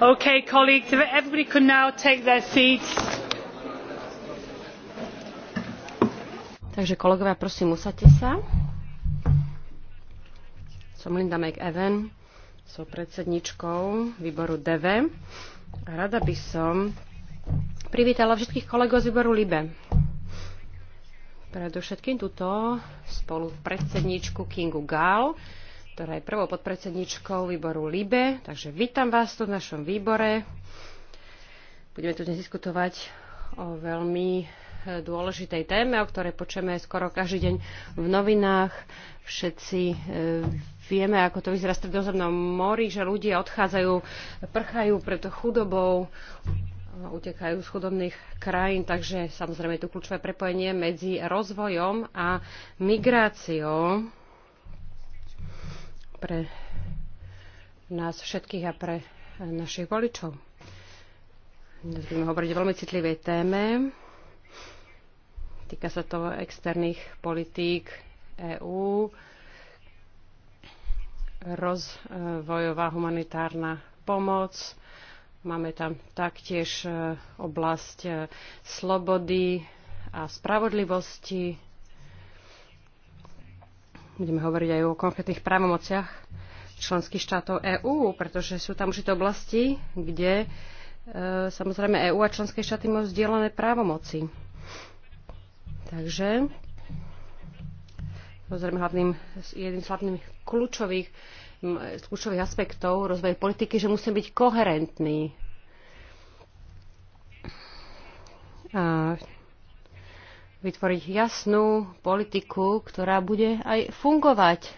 Okay, colleagues, if everybody could now take their seats. Takže kolegovia, prosím, usadte sa. Som Linda McEwen, som predsedničkou výboru DV. Rada by som privítala všetkých kolegov z výboru LIBE. Predovšetkým túto spolu predsedničku Kingu Gall, ktorá je prvou podpredsedničkou výboru LIBE. Takže vítam vás tu v našom výbore. Budeme tu dnes diskutovať o veľmi dôležitej téme, o ktorej počujeme skoro každý deň v novinách. Všetci e, vieme, ako to vyzerá v stredozemnom mori, že ľudia odchádzajú, prchajú pred chudobou, utekajú z chudobných krajín, takže samozrejme je tu kľúčové prepojenie medzi rozvojom a migráciou pre nás všetkých a pre našich voličov. Dnes budeme hovoriť o veľmi citlivej téme. Týka sa to externých politík EÚ, rozvojová humanitárna pomoc. Máme tam taktiež e, oblasť e, slobody a spravodlivosti, Budeme hovoriť aj o konkrétnych právomociach členských štátov EÚ, pretože sú tam určité oblasti, kde e, samozrejme EÚ a členské štáty majú vzdielané právomoci. Takže samozrejme hlavným, jedným z hlavných kľúčových, kľúčových aspektov rozvoja politiky, že musíme byť koherentní. A vytvoriť jasnú politiku, ktorá bude aj fungovať.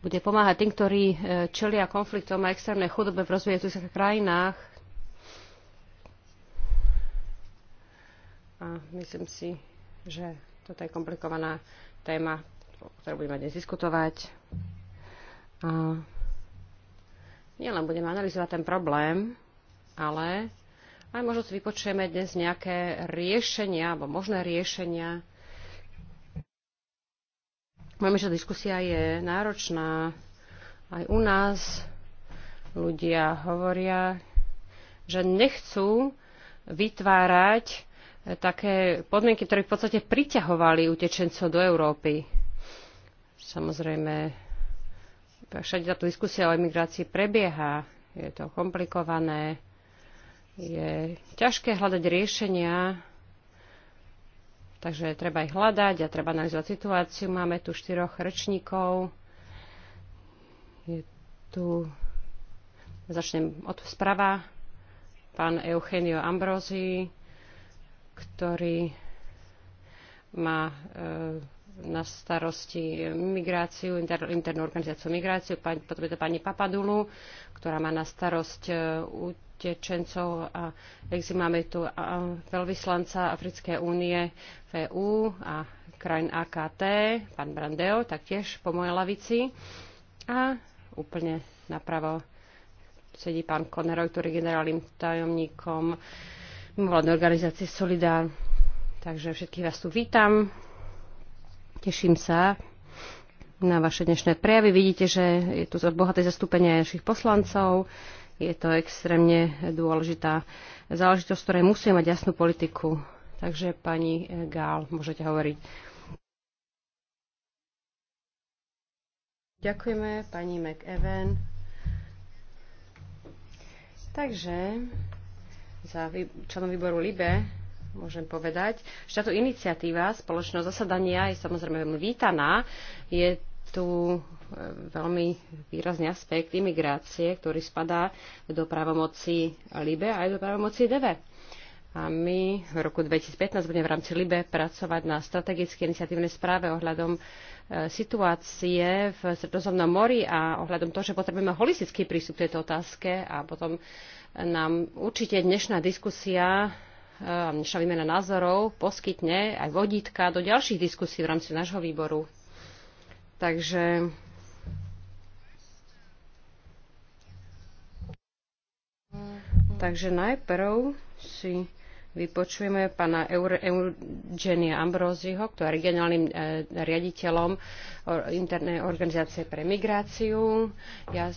Bude pomáhať tým, ktorí e, čelia konfliktom a extrémnej chudobe v rozvíjajúcich sa krajinách. A myslím si, že toto je komplikovaná téma, o ktorej budeme dnes diskutovať. A nielen budeme analyzovať ten problém, ale aj možno si vypočujeme dnes nejaké riešenia alebo možné riešenia. Máme, že diskusia je náročná. Aj u nás ľudia hovoria, že nechcú vytvárať také podmienky, ktoré v podstate priťahovali utečencov do Európy. Samozrejme, všade táto diskusia o emigrácii prebieha. Je to komplikované je ťažké hľadať riešenia, takže treba ich hľadať a treba analyzovať situáciu. Máme tu štyroch rečníkov. Je tu... Začnem od sprava. Pán Eugenio Ambrosi, ktorý má e, na starosti migráciu, inter, internú organizáciu migráciu, pani, potom je to pani Papadulu, ktorá má na starosť e, utečencov a exi. Máme tu veľvyslanca Africkej únie v EU a krajín AKT, pán Brandeo, taktiež po mojej lavici. A úplne napravo sedí pán Koneroj, ktorý je generálnym tajomníkom mimovládnej organizácie Solidár. Takže všetkých vás tu vítam. Teším sa na vaše dnešné prejavy. Vidíte, že je tu bohaté zastúpenie našich poslancov je to extrémne dôležitá záležitosť, ktorej musí mať jasnú politiku. Takže pani Gál, môžete hovoriť. Ďakujeme pani McEwen. Takže za členom výboru LIBE môžem povedať, že táto iniciatíva spoločného zasadania je samozrejme veľmi vítaná. Je tu veľmi výrazný aspekt imigrácie, ktorý spadá do právomoci LIBE a aj do právomoci DV. A my v roku 2015 budeme v rámci LIBE pracovať na strategické iniciatívnej správe ohľadom e, situácie v Stredozemnom mori a ohľadom toho, že potrebujeme holistický prístup k tejto otázke a potom nám určite dnešná diskusia e, a dnešná výmena názorov poskytne aj vodítka do ďalších diskusí v rámci nášho výboru. Takže Takže najprv si vypočujeme pána Eugenia Ambróziho, ktorý je regionálnym e, riaditeľom internej organizácie pre migráciu. Ja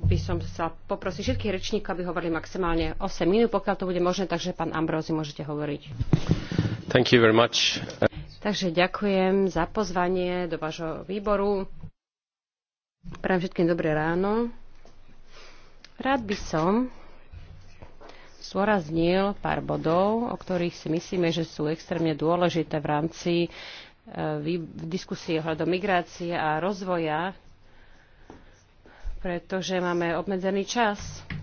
by som sa poprosil všetkých rečníkov, aby hovorili maximálne 8 minút, pokiaľ to bude možné, takže pán Ambrózi, môžete hovoriť. Thank you very much. Takže ďakujem za pozvanie do vášho výboru. Prajem všetkým dobré ráno. Rád by som zdôraznil pár bodov, o ktorých si myslíme, že sú extrémne dôležité v rámci e, v diskusii ohľadom migrácie a rozvoja, pretože máme obmedzený čas,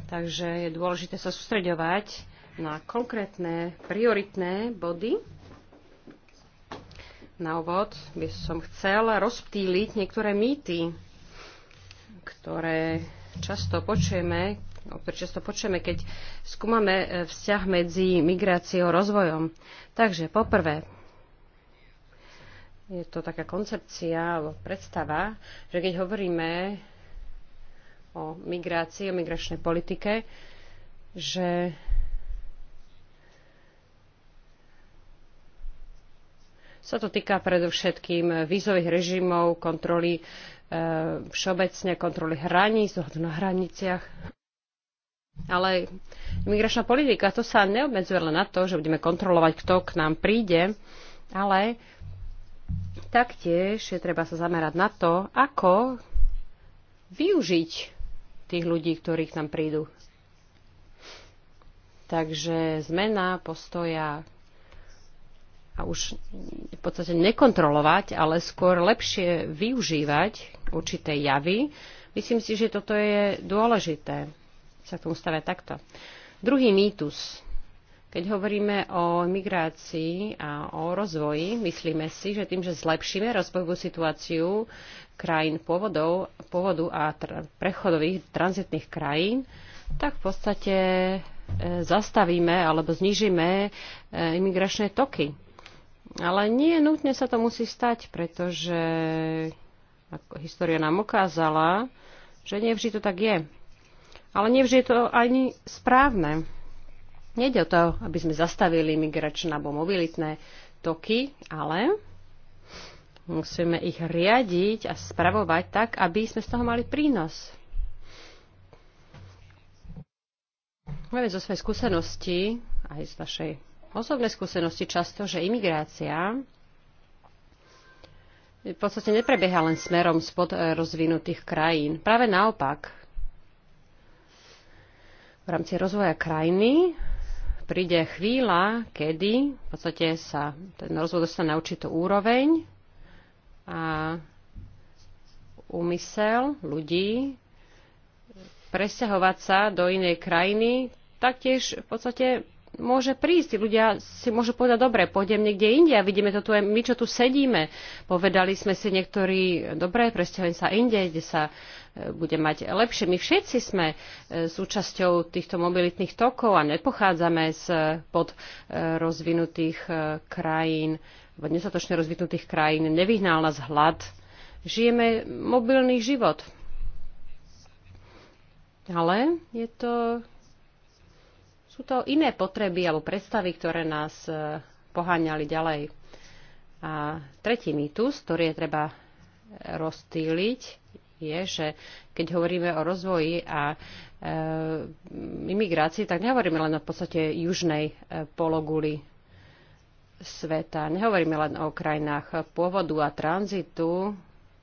takže je dôležité sa sústreďovať na konkrétne prioritné body. Na úvod by som chcel rozptýliť niektoré mýty, ktoré často počujeme, často počujeme, keď skúmame e, vzťah medzi migráciou a rozvojom. Takže poprvé, je to taká koncepcia alebo predstava, že keď hovoríme o migrácii, o migračnej politike, že sa to týka predovšetkým vízových režimov, kontroly e, všeobecne, kontroly hraníc, dohľadu na hraniciach ale imigračná politika, to sa neobmedzuje len na to, že budeme kontrolovať, kto k nám príde, ale taktiež je treba sa zamerať na to, ako využiť tých ľudí, ktorí k nám prídu. Takže zmena postoja a už v podstate nekontrolovať, ale skôr lepšie využívať určité javy, myslím si, že toto je dôležité sa k tomu stavia takto. Druhý mýtus. Keď hovoríme o migrácii a o rozvoji, myslíme si, že tým, že zlepšíme rozvojovú situáciu krajín pôvodov, pôvodu a tr- prechodových tranzitných krajín, tak v podstate e, zastavíme alebo znižíme e, imigračné toky. Ale nie nutne sa to musí stať, pretože ako história nám ukázala, že nevždy to tak je ale nevždy je to ani správne. Nede o to, aby sme zastavili migračné alebo mobilitné toky, ale musíme ich riadiť a spravovať tak, aby sme z toho mali prínos. Máme zo svojej skúsenosti, aj z našej osobnej skúsenosti často, že imigrácia v podstate neprebieha len smerom spod eh, rozvinutých krajín. Práve naopak, v rámci rozvoja krajiny príde chvíľa, kedy v podstate sa ten rozvoj dostane na určitú úroveň a úmysel ľudí presťahovať sa do inej krajiny taktiež v podstate môže prísť. ľudia si môžu povedať, dobre, pôjdem niekde inde a vidíme to tu aj my, čo tu sedíme. Povedali sme si niektorí, dobre, presťahujem sa inde, kde sa bude mať lepšie. My všetci sme e, súčasťou týchto mobilitných tokov a nepochádzame z e, pod e, rozvinutých krajín, nesatočne rozvinutých krajín. Nevyhnal nás hlad. Žijeme mobilný život. Ale je to, sú to iné potreby alebo predstavy, ktoré nás poháňali ďalej. A tretí mýtus, ktorý je treba rozstýliť, je, že keď hovoríme o rozvoji a e, imigrácii, tak nehovoríme len o podstate južnej e, pologuli sveta. Nehovoríme len o krajinách pôvodu a tranzitu,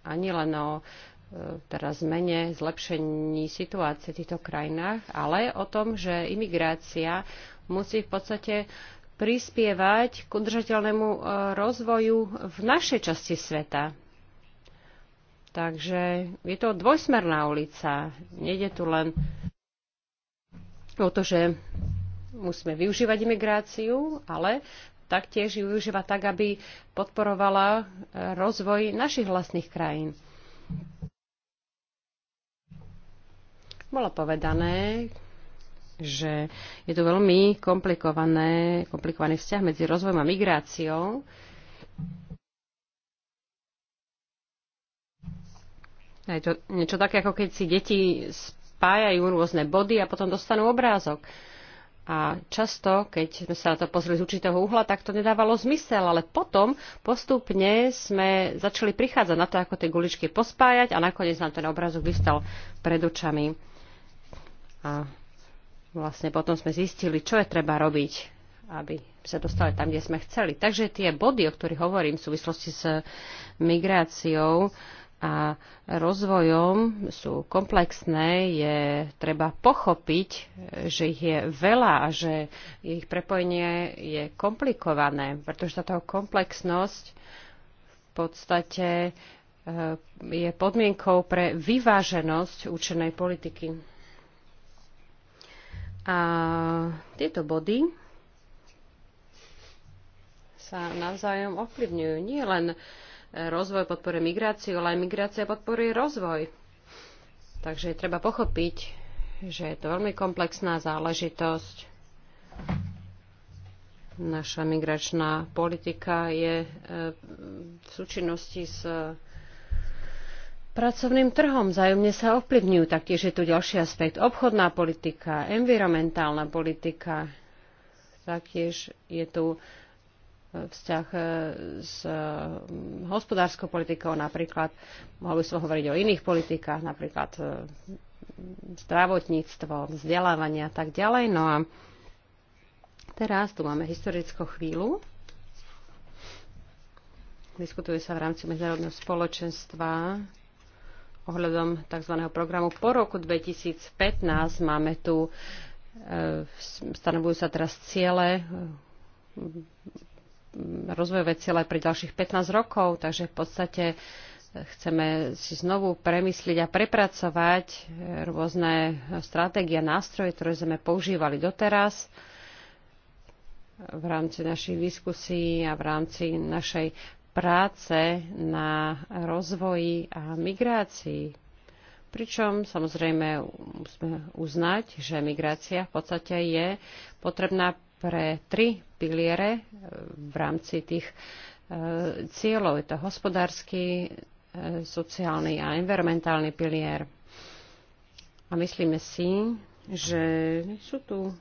ani len o e, teraz zmene, zlepšení situácie v týchto krajinách, ale o tom, že imigrácia musí v podstate prispievať k udržateľnému e, rozvoju v našej časti sveta, Takže je to dvojsmerná ulica. Nejde tu len o to, že musíme využívať imigráciu, ale taktiež ju využíva tak, aby podporovala e, rozvoj našich vlastných krajín. Bolo povedané, že je to veľmi komplikované, komplikovaný vzťah medzi rozvojom a migráciou. je to niečo také, ako keď si deti spájajú rôzne body a potom dostanú obrázok. A často, keď sme sa na to pozreli z určitého uhla, tak to nedávalo zmysel, ale potom postupne sme začali prichádzať na to, ako tie guličky pospájať a nakoniec nám ten obrázok vystal pred očami. A vlastne potom sme zistili, čo je treba robiť, aby sa dostali tam, kde sme chceli. Takže tie body, o ktorých hovorím v súvislosti s migráciou, a rozvojom sú komplexné, je treba pochopiť, že ich je veľa a že ich prepojenie je komplikované, pretože táto komplexnosť v podstate eh, je podmienkou pre vyváženosť účenej politiky. A tieto body sa navzájom ovplyvňujú. Nie len uh, rozvoj podporuje migráciu, ale aj migrácia podporuje rozvoj. Takže treba pochopiť, že je to veľmi komplexná záležitosť. Naša migračná politika je e, v súčinnosti s e, pracovným trhom. Zajomne sa ovplyvňujú. Taktiež je tu ďalší aspekt. Obchodná politika, environmentálna politika. Taktiež je tu vzťah e, s e, hospodárskou politikou napríklad. Mohol by som hovoriť o iných politikách, napríklad e, zdravotníctvo, vzdelávanie a tak ďalej. No a teraz tu máme historickú chvíľu. Diskutuje sa v rámci medzinárodného spoločenstva ohľadom tzv. programu po roku 2015. Máme tu, stanovujú sa teraz ciele rozvojové ciele pre ďalších 15 rokov, takže v podstate chceme si znovu premysliť a prepracovať eh, rôzne stratégie a nástroje, ktoré sme používali doteraz eh, v rámci našich diskusí a v rámci našej práce na rozvoji a migrácii. Pričom samozrejme musíme uznať, že migrácia v podstate je potrebná pre tri piliere e, v rámci tých e, cieľov. Je to hospodársky, e, sociálny a environmentálny pilier. A myslíme si, že sú tu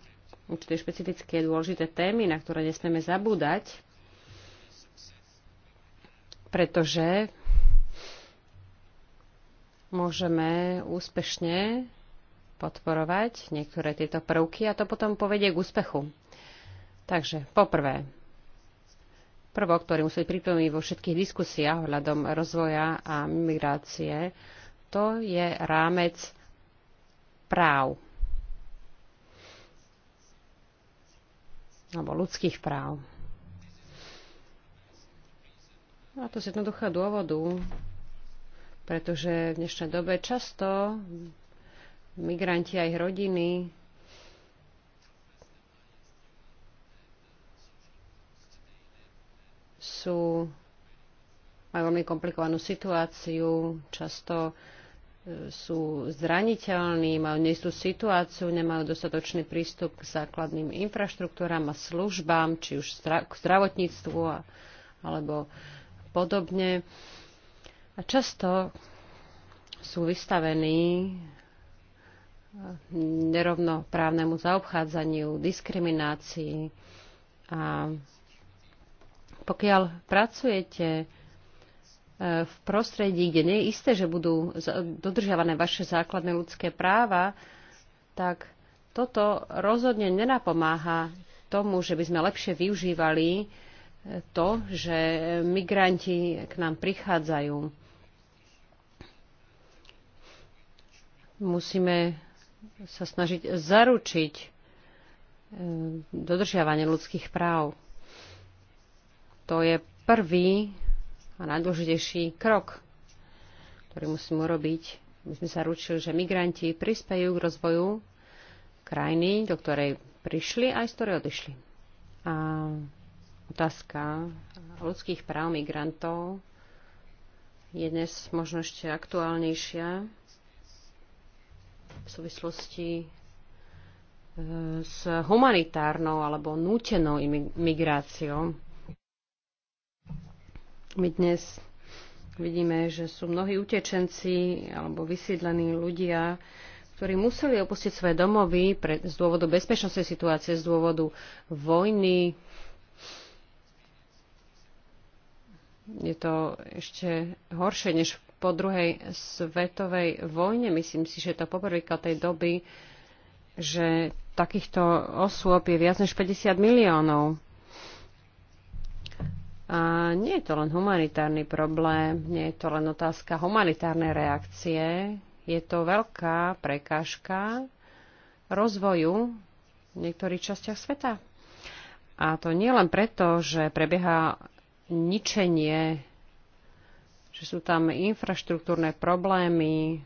určité špecifické dôležité témy, na ktoré nesmieme zabúdať, pretože môžeme úspešne podporovať niektoré tieto prvky a to potom povedie k úspechu. Takže poprvé, prvok, ktorý musí byť vo všetkých diskusiách ohľadom rozvoja a migrácie, to je rámec práv alebo ľudských práv. A to z jednoduchého dôvodu, pretože v dnešnej dobe často migranti a ich rodiny sú, majú veľmi komplikovanú situáciu, často e, sú zraniteľní, majú neistú situáciu, nemajú dostatočný prístup k základným infraštruktúram a službám, či už k zdravotníctvu a, alebo podobne. A často sú vystavení e, nerovnoprávnemu zaobchádzaniu, diskriminácii a pokiaľ pracujete e, v prostredí, kde nie je isté, že budú dodržiavané vaše základné ľudské práva, tak toto rozhodne nenapomáha tomu, že by sme lepšie využívali e, to, že migranti k nám prichádzajú. Musíme sa snažiť zaručiť e, dodržiavanie ľudských práv. To je prvý a najdôležitejší krok, ktorý musíme urobiť. My sme sa ručili, že migranti prispejú k rozvoju krajiny, do ktorej prišli a aj z ktorej odišli. A otázka ľudských práv migrantov je dnes možno ešte aktuálnejšia v súvislosti e, s humanitárnou alebo nútenou migráciou. My dnes vidíme, že sú mnohí utečenci alebo vysídlení ľudia, ktorí museli opustiť svoje domovy pre, z dôvodu bezpečnostnej situácie, z dôvodu vojny. Je to ešte horšie než po druhej svetovej vojne. Myslím si, že to poprvýkrát tej doby, že takýchto osôb je viac než 50 miliónov. A nie je to len humanitárny problém, nie je to len otázka humanitárnej reakcie, je to veľká prekážka rozvoju v niektorých častiach sveta. A to nie len preto, že prebieha ničenie, že sú tam infraštruktúrne problémy,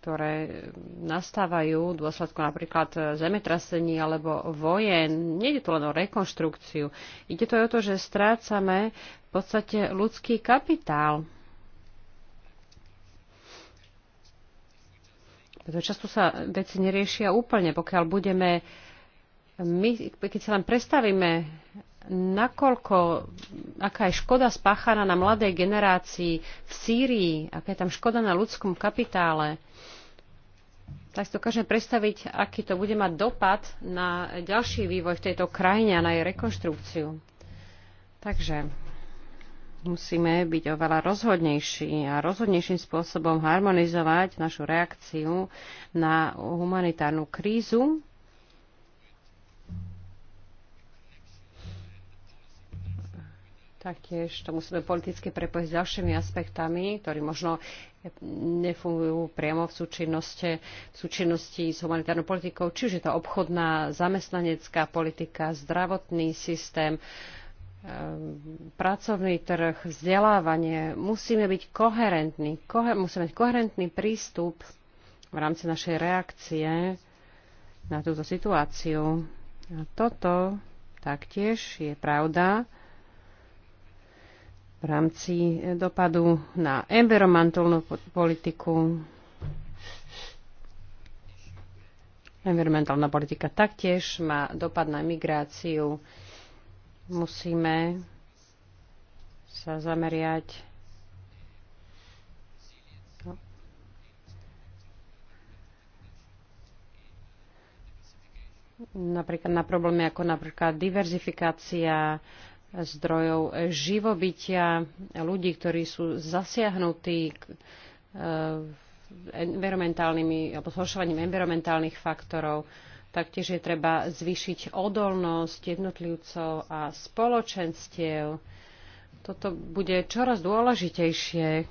ktoré mm, nastávajú v dôsledku napríklad e, zemetrasení alebo vojen. Nejde to len o rekonštrukciu. Ide to aj o to, že strácame v podstate ľudský kapitál. Preto často sa veci neriešia úplne. Pokiaľ budeme my, keď sa len prestavíme nakoľko, aká je škoda spáchaná na mladej generácii v Sýrii, aká je tam škoda na ľudskom kapitále, tak si dokážem predstaviť, aký to bude mať dopad na ďalší vývoj v tejto krajine a na jej rekonštrukciu. Takže musíme byť oveľa rozhodnejší a rozhodnejším spôsobom harmonizovať našu reakciu na humanitárnu krízu Taktiež to musíme politicky prepojiť s ďalšími aspektami, ktorí možno nefungujú priamo v súčinnosti, v súčinnosti s humanitárnou politikou, či už je to obchodná, zamestnanecká politika, zdravotný systém, ehm, pracovný trh, vzdelávanie. Musíme byť koherentní, koher, musíme mať koherentný prístup v rámci našej reakcie na túto situáciu. A toto taktiež je pravda v rámci eh, dopadu na environmentálnu politiku. Environmentálna politika taktiež má dopad na migráciu. Musíme sa zameriať napríklad na problémy ako napríklad diverzifikácia zdrojov živobytia ľudí, ktorí sú zasiahnutí e, environmentálnymi alebo zhoršovaním environmentálnych faktorov. Taktiež je treba zvýšiť odolnosť jednotlivcov a spoločenstiev. Toto bude čoraz dôležitejšie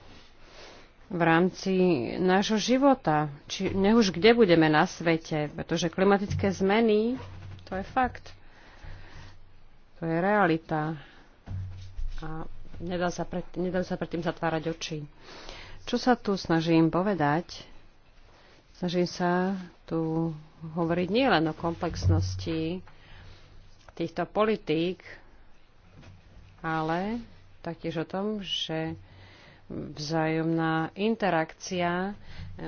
v rámci nášho života. Či, ne už kde budeme na svete, pretože klimatické zmeny, to je fakt. To je realita. A nedá sa, pred, nedá sa predtým zatvárať oči. Čo sa tu snažím povedať? Snažím sa tu hovoriť nielen o komplexnosti týchto politík, ale taktiež o tom, že vzájomná interakcia,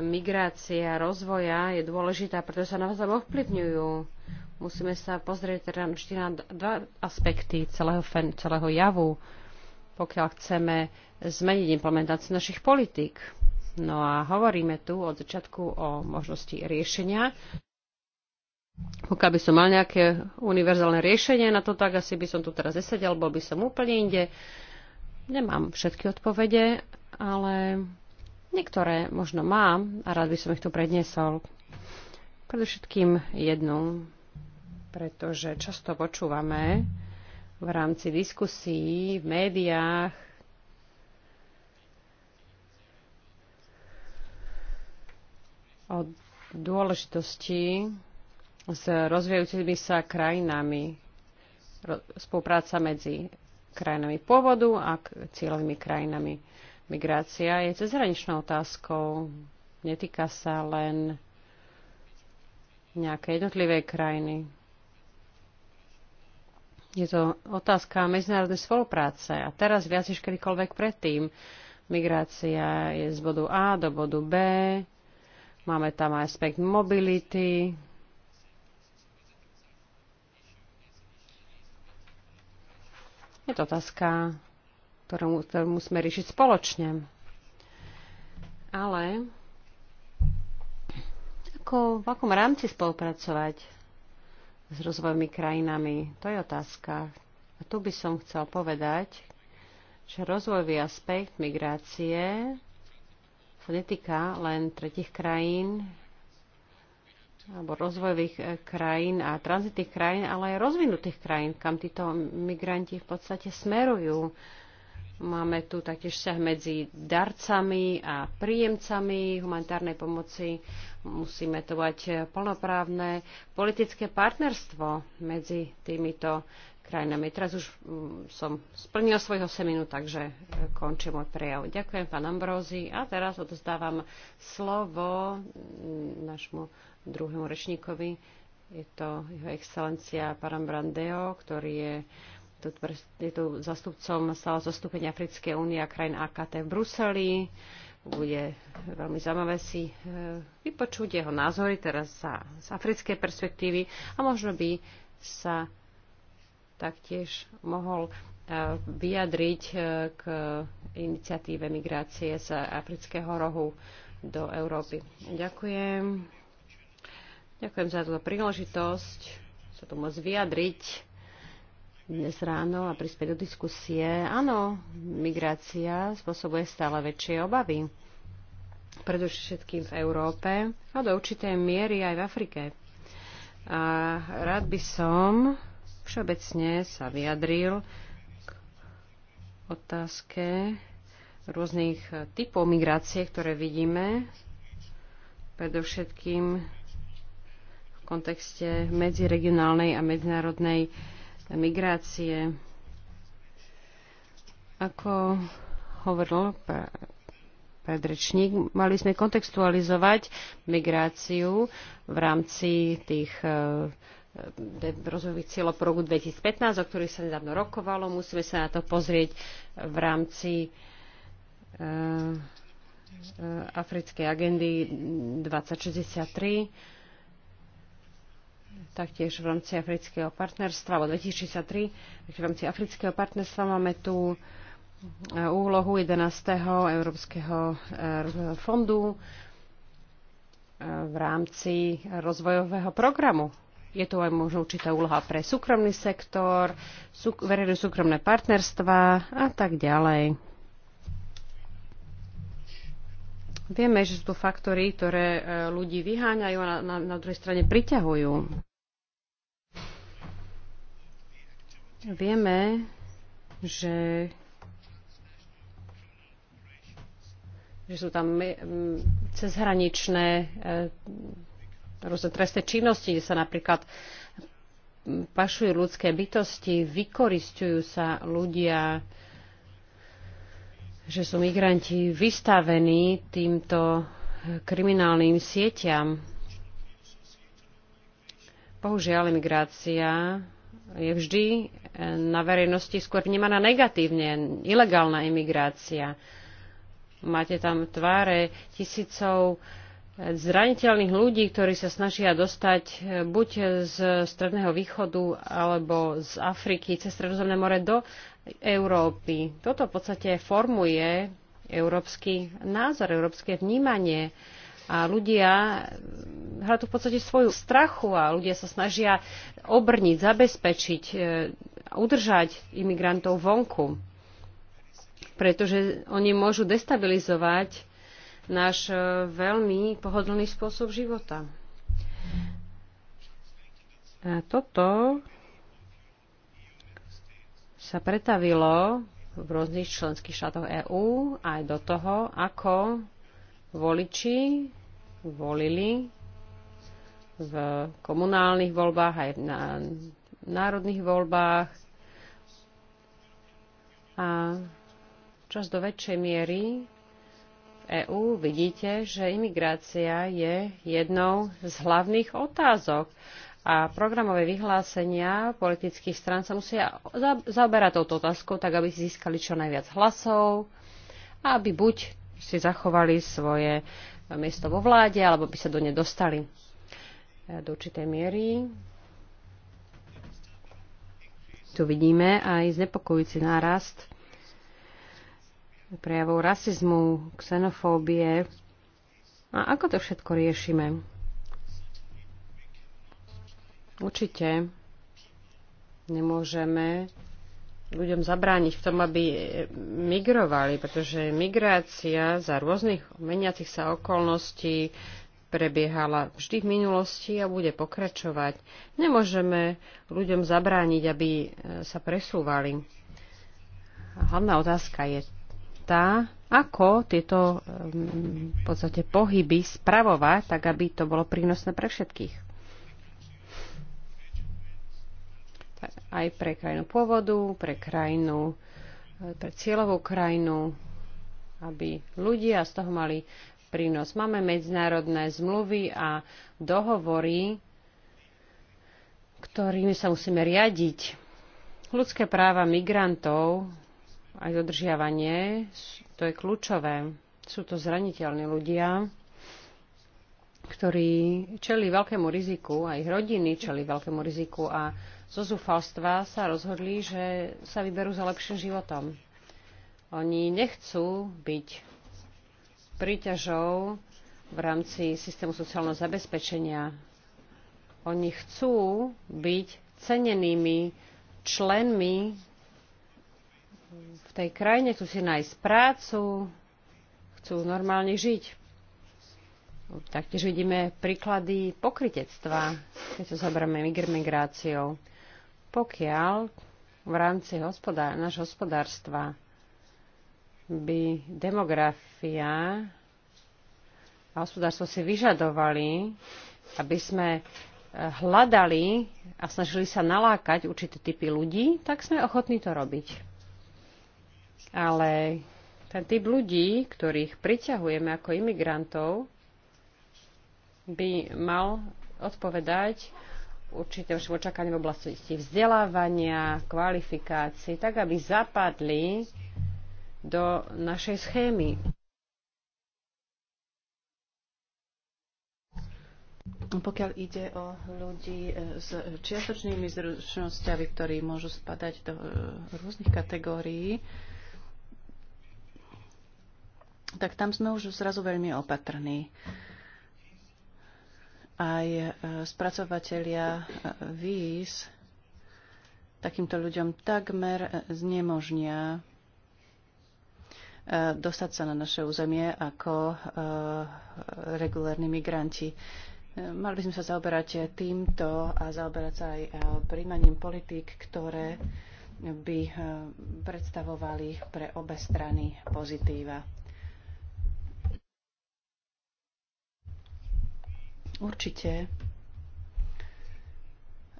migrácia, rozvoja je dôležitá, pretože sa navzájom ovplyvňujú Musíme sa pozrieť teda ešte na dva aspekty celého, celého javu, pokiaľ chceme zmeniť implementáciu našich politík. No a hovoríme tu od začiatku o možnosti riešenia. Pokiaľ by som mal nejaké univerzálne riešenie na to, tak asi by som tu teraz nesedel, bol by som úplne inde. Nemám všetky odpovede, ale niektoré možno mám a rád by som ich tu predniesol. Predovšetkým jednu pretože často počúvame v rámci diskusí v médiách o dôležitosti s rozvíjajúcimi sa krajinami, spolupráca medzi krajinami pôvodu a cieľovými krajinami. Migrácia je cezhraničnou otázkou, netýka sa len nejaké jednotlivé krajiny. Je to otázka medzinárodnej spolupráce a teraz viac než kedykoľvek predtým. Migrácia je z bodu A do bodu B, máme tam aspekt mobility, Je to otázka, ktorú, ktorú musíme riešiť spoločne. Ale ako, v akom rámci spolupracovať? s rozvojmi krajinami. To je otázka. A tu by som chcel povedať, že rozvojový aspekt migrácie sa netýka len tretich krajín alebo rozvojových eh, krajín a tranzitných krajín, ale aj rozvinutých krajín, kam títo migranti v podstate smerujú. Máme tu taktiež vzťah medzi darcami a príjemcami humanitárnej pomoci. Musíme tu mať plnoprávne politické partnerstvo medzi týmito krajinami. Teraz už mm, som splnil svojho seminu, takže e, končím môj prejav. Ďakujem, pán Ambrózi. A teraz odozdávam slovo mm, našmu druhému rečníkovi. Je to jeho excelencia Parambran ktorý je je tu zastupcom stále zastúpenia Africkej únie a krajín AKT v Bruseli. Bude veľmi zaujímavé si e, vypočuť jeho názory teraz z africkej perspektívy a možno by sa taktiež mohol e, vyjadriť e, k iniciatíve migrácie z afrického rohu do Európy. Ďakujem. Ďakujem za túto príležitosť sa tu môcť vyjadriť dnes ráno a prispieť do diskusie. Áno, migrácia spôsobuje stále väčšie obavy, predovšetkým v Európe a do určitej miery aj v Afrike. A rád by som všeobecne sa vyjadril k otázke rôznych typov migrácie, ktoré vidíme, predovšetkým v kontexte medziregionálnej a medzinárodnej migrácie. Ako hovoril predrečník, mali sme kontextualizovať migráciu v rámci tých e, e, rozvojových cieľov po roku 2015, o ktorých sa nedávno rokovalo. Musíme sa na to pozrieť v rámci e, africkej agendy 2063 taktiež v rámci afrického partnerstva, alebo 2063, v rámci afrického partnerstva máme tu e, úlohu 11. Európskeho e, fondu e, v rámci rozvojového programu. Je tu aj možno určitá úloha pre súkromný sektor, verejné súkromné partnerstva a tak ďalej. Vieme, že sú to faktory, ktoré e, ľudí vyháňajú a na, na, na druhej strane priťahujú. Vieme, že, že sú tam cezhraničné e, rôzne trestné činnosti, kde sa napríklad pašujú ľudské bytosti, vykoristujú sa ľudia, že sú migranti vystavení týmto kriminálnym sieťam. Bohužiaľ, imigrácia je vždy eh, na verejnosti skôr vnímaná negatívne, ilegálna imigrácia. Máte tam tváre tisícov eh, zraniteľných ľudí, ktorí sa snažia dostať eh, buď z Stredného východu alebo z Afriky cez Stredozemné more do Európy. Toto v podstate formuje európsky názor, európske vnímanie a ľudia hľadú eh, v podstate svoju strachu a ľudia sa snažia obrniť, zabezpečiť eh, a udržať imigrantov vonku, pretože oni môžu destabilizovať náš eh, veľmi pohodlný spôsob života. A toto sa pretavilo v rôznych členských štátoch EÚ aj do toho, ako voliči volili v komunálnych voľbách aj na národných voľbách. A čas do väčšej miery v EÚ vidíte, že imigrácia je jednou z hlavných otázok a programové vyhlásenia politických strán sa musia zaoberať touto otázkou, tak aby získali čo najviac hlasov a aby buď si zachovali svoje miesto vo vláde, alebo by sa do nej dostali e, do určitej miery. Tu vidíme aj znepokojujúci nárast prejavov rasizmu, xenofóbie. A ako to všetko riešime? Určite nemôžeme ľuďom zabrániť v tom, aby migrovali, pretože migrácia za rôznych meniacich sa okolností prebiehala vždy v minulosti a bude pokračovať. Nemôžeme ľuďom zabrániť, aby e, sa presúvali. A hlavná otázka je tá, ako tieto e, v podstate pohyby spravovať, tak aby to bolo prínosné pre všetkých. aj pre krajinu pôvodu, pre krajinu, e, pre cieľovú krajinu, aby ľudia z toho mali prínos. Máme medzinárodné zmluvy a dohovory, ktorými sa musíme riadiť. Ľudské práva migrantov, aj dodržiavanie, to je kľúčové. Sú to zraniteľní ľudia, ktorí čeli veľkému riziku, aj ich rodiny čeli veľkému riziku a zo zúfalstva sa rozhodli, že sa vyberú za lepším životom. Oni nechcú byť príťažou v rámci systému sociálneho zabezpečenia. Oni chcú byť cenenými členmi v tej krajine, chcú si nájsť prácu, chcú normálne žiť. Taktiež vidíme príklady pokritectva, keď sa zabrame migráciou. Pokiaľ v rámci hospodár- nášho hospodárstva by demografia a hospodárstvo si vyžadovali, aby sme eh, hľadali a snažili sa nalákať určité typy ľudí, tak sme ochotní to robiť. Ale ten typ ľudí, ktorých priťahujeme ako imigrantov, by mal odpovedať určite už očakávanie v oblasti vzdelávania, kvalifikácií, tak aby zapadli do našej schémy. Pokiaľ ide o ľudí e, s čiastočnými zručnosťami, ktorí môžu spadať do e, rôznych kategórií, tak tam sme už zrazu veľmi opatrní. Uh, aj e, spracovatelia e, víz takýmto ľuďom takmer znemožnia e, dostať sa na naše územie ako regulárni migranti. Mali by sme sa zaoberať týmto a zaoberať sa aj príjmaním politík, ktoré by predstavovali pre obe strany pozitíva. Určite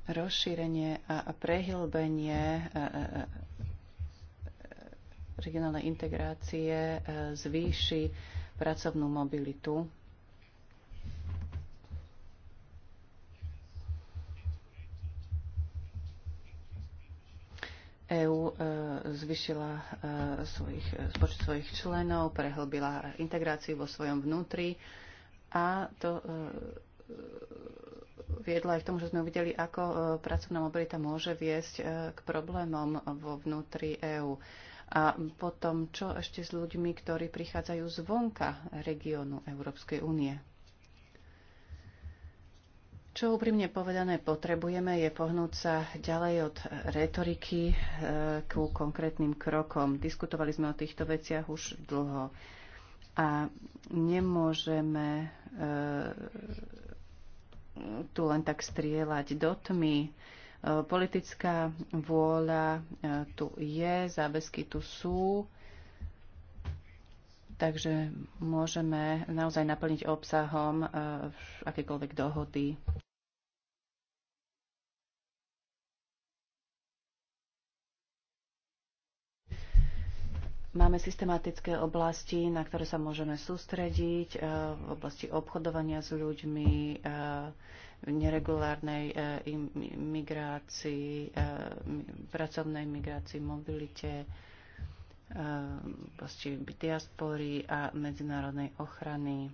rozšírenie a prehlbenie regionálnej integrácie zvýši pracovnú mobilitu. EÚ e, zvyšila e, svojich, počet svojich členov, prehlbila integráciu vo svojom vnútri a to e, viedla aj k tomu, že sme uvideli, ako e, pracovná mobilita môže viesť e, k problémom vo vnútri EÚ. A potom, čo ešte s ľuďmi, ktorí prichádzajú zvonka regiónu Európskej únie? Čo úprimne povedané potrebujeme, je pohnúť sa ďalej od retoriky e, k konkrétnym krokom. Diskutovali sme o týchto veciach už dlho a nemôžeme tu len tak strieľať do tmy. E, politická vôľa e, tu je, záväzky tu sú, takže môžeme naozaj naplniť obsahom e, akékoľvek dohody. Máme systematické oblasti, na ktoré sa môžeme sústrediť, e, v oblasti obchodovania s ľuďmi, e, neregulárnej e, migrácii, pracovnej migrácii, mobilite, v oblasti diaspory a medzinárodnej ochrany.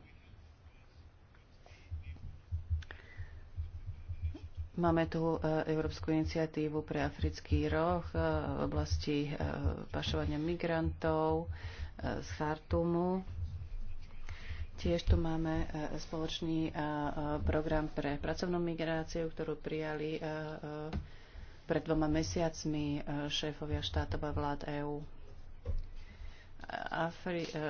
Máme tu e, Európsku iniciatívu pre africký roh e, v oblasti e, pašovania migrantov z Chartumu. Tiež tu máme spoločný program pre pracovnú migráciu, ktorú prijali pred dvoma mesiacmi šéfovia štátov a vlád EÚ. Afri- e, e,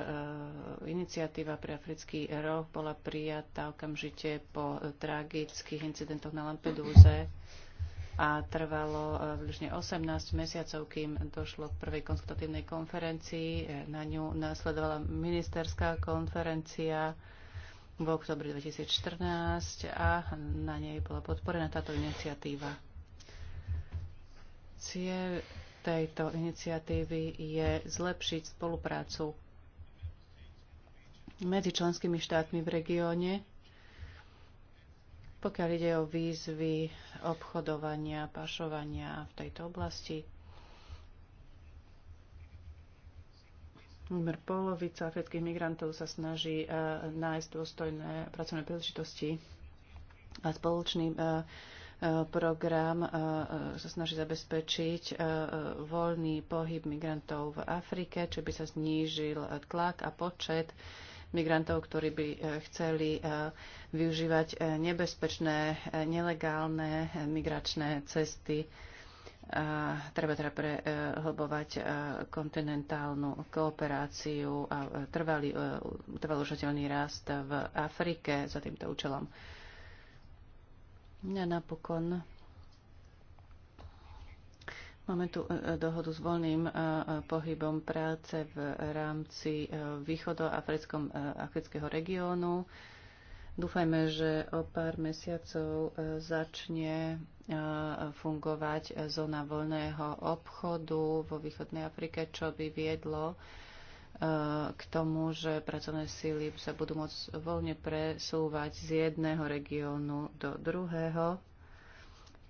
iniciatíva pre africký roh bola prijatá okamžite po tragických incidentoch na Lampedúze a trvalo e, približne 18 mesiacov, kým došlo k prvej konzultatívnej konferencii. Na ňu následovala ministerská konferencia v oktobri 2014 a na nej bola podporená táto iniciatíva. Cie, tejto iniciatívy je zlepšiť spoluprácu medzi členskými štátmi v regióne, pokiaľ ide o výzvy obchodovania, pašovania v tejto oblasti. Númer polovica všetkých migrantov sa snaží eh, nájsť dôstojné pracovné príležitosti a spoločný uh, eh, Eh, program eh, eh, sa snaží zabezpečiť voľný pohyb migrantov v Afrike, čo by sa znížil tlak a počet migrantov, ktorí by chceli využívať nebezpečné, nelegálne migračné cesty. A treba teda prehlbovať kontinentálnu kooperáciu a trvalý, trvalý rast v Afrike za týmto účelom. A napokon máme tu e, e, dohodu s voľným e, pohybom práce v rámci východoafrického regiónu. Dúfajme, že o pár mesiacov začne fungovať zóna voľného obchodu vo východnej Afrike, čo by viedlo k tomu, že pracovné síly sa budú môcť voľne presúvať z jedného regiónu do druhého,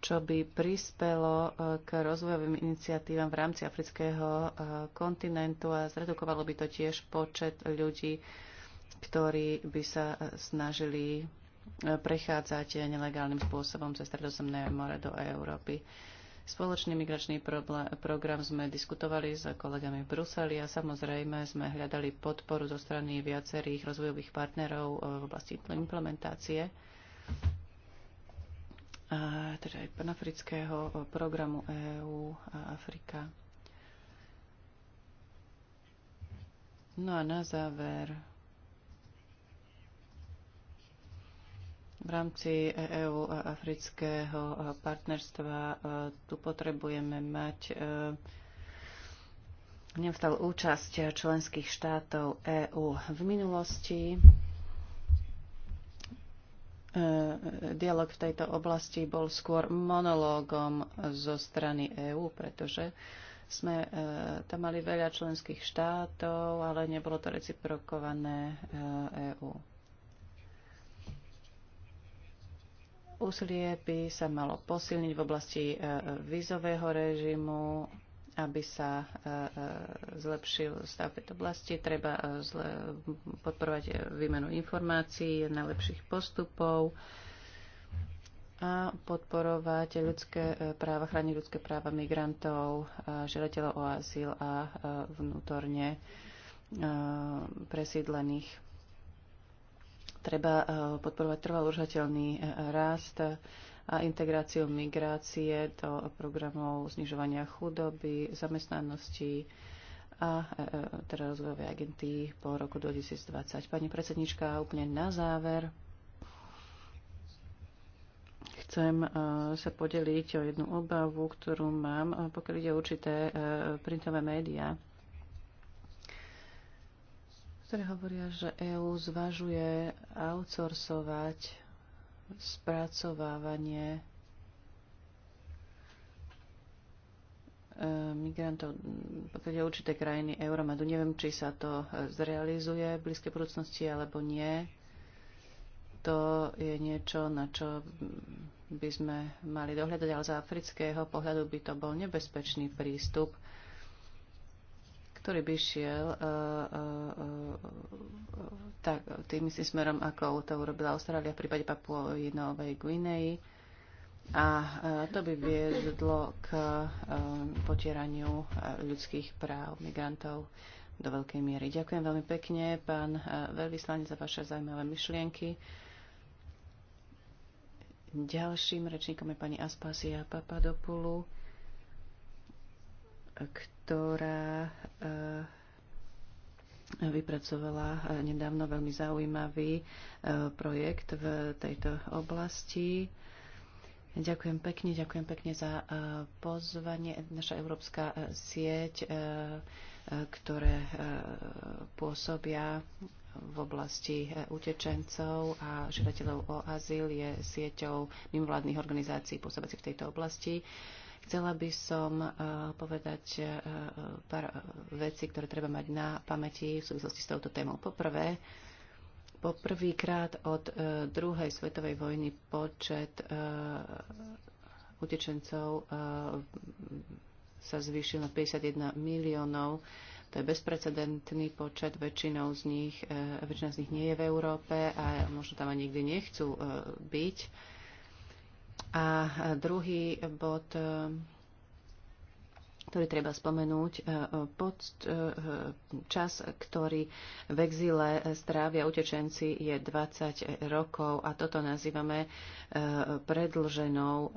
čo by prispelo eh, k rozvojovým iniciatívam v rámci afrického eh, kontinentu a zredukovalo by to tiež počet ľudí, ktorí by sa eh, snažili prechádzať nelegálnym spôsobom cez Stredozemné more do Európy. Spoločný migračný program sme diskutovali s kolegami v Bruseli a samozrejme sme hľadali podporu zo strany viacerých rozvojových partnerov eh, v oblasti implementácie teda aj panafrického eh, programu EÚ a Afrika. No a na záver V rámci e a afrického partnerstva e, tu potrebujeme mať e, neustal účasť členských štátov EÚ. V minulosti dialog v tejto oblasti bol skôr monológom zo strany EÚ, pretože sme tam mali veľa členských štátov, ale nebolo to reciprokované EÚ. Úsilie by sa malo posilniť v oblasti e, vízového režimu, aby sa e, e, zlepšil stav tejto oblasti. Treba podporovať výmenu informácií, najlepších postupov a podporovať ľudské práva, chrániť ľudské práva migrantov, žiadateľov o azyl a vnútorne presídlených Treba e, podporovať trvalúžateľný e, rast a integráciu migrácie do programov znižovania chudoby, zamestnanosti a e, teda rozvojové agenty po roku 2020. Pani predsednička, úplne na záver chcem sa podeliť o jednu obavu, ktorú mám, pokiaľ ide určité printové médiá ktoré hovoria, že EÚ zvažuje outsourcovať spracovávanie e, migrantov, pokiaľ je určité krajiny Euromadu. Neviem, či sa to e, zrealizuje v blízkej budúcnosti alebo nie. To je niečo, na čo by sme mali dohľadať, ale z afrického pohľadu by to bol nebezpečný prístup, ktorý by šiel eh, eh, eh, tak, tým istým smerom, ako to urobila Austrália v prípade Papuojinovej Guinei. A to by viedlo k potieraniu ľudských práv migrantov do veľkej miery. Ďakujem veľmi pekne, pán veľvyslanec, za vaše zaujímavé myšlienky. Ďalším rečníkom je pani Aspasia Papadopulu, ktorá e, vypracovala e, nedávno veľmi zaujímavý e, projekt v tejto oblasti. Ďakujem pekne, ďakujem pekne za pozvanie. Naša európska sieť, ktoré pôsobia v oblasti utečencov a žiadateľov o azyl, je sieťou mimovládnych organizácií pôsobiacich v tejto oblasti. Chcela by som eh, povedať eh, eh, pár vecí, ktoré treba mať na pamäti v súvislosti s touto témou. Poprvé, po prvýkrát od druhej svetovej vojny počet utečencov sa zvýšil na 51 miliónov. To je bezprecedentný počet, väčšinou z nich, väčšina z nich nie je v Európe a možno tam ani nikdy nechcú byť a druhý bod ktorý treba spomenúť, e, e, pod e, čas, ktorý v exíle strávia utečenci, je 20 rokov a toto nazývame predlženou,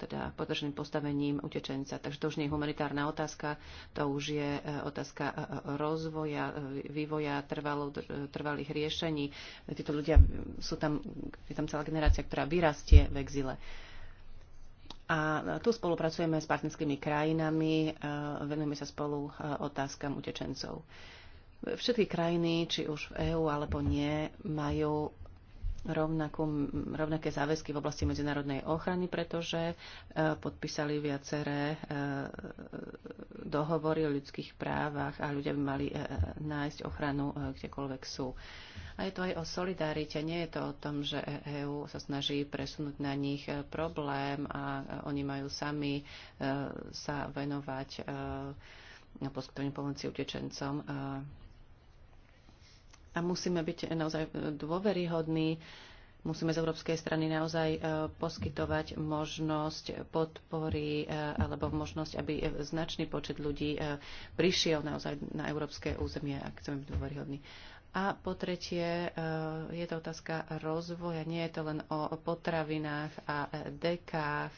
teda podrženým postavením utečenca. Takže to už nie je humanitárna otázka, to už je otázka rozvoja, vývoja trvalo, trvalých riešení. Títo ľudia sú tam, je tam celá generácia, ktorá vyrastie v exíle. A tu spolupracujeme s partnerskými krajinami, e, venujeme sa spolu e, otázkam utečencov. Všetky krajiny, či už v EÚ alebo nie, majú rovnakú, rovnaké záväzky v oblasti medzinárodnej ochrany, pretože e, podpísali viaceré e, e, dohovory o ľudských právach a ľudia by mali nájsť ochranu kdekoľvek sú. A je to aj o solidarite. Nie je to o tom, že EÚ sa snaží presunúť na nich problém a oni majú sami sa venovať poskytovanie pomoci utečencom a musíme byť naozaj e, dôveryhodní, musíme z európskej strany naozaj e, poskytovať možnosť podpory e, alebo možnosť, aby značný počet ľudí prišiel naozaj na európske územie, ak chceme byť dôveryhodní. A po tretie, je to otázka rozvoja. Nie je to len o potravinách a dekách.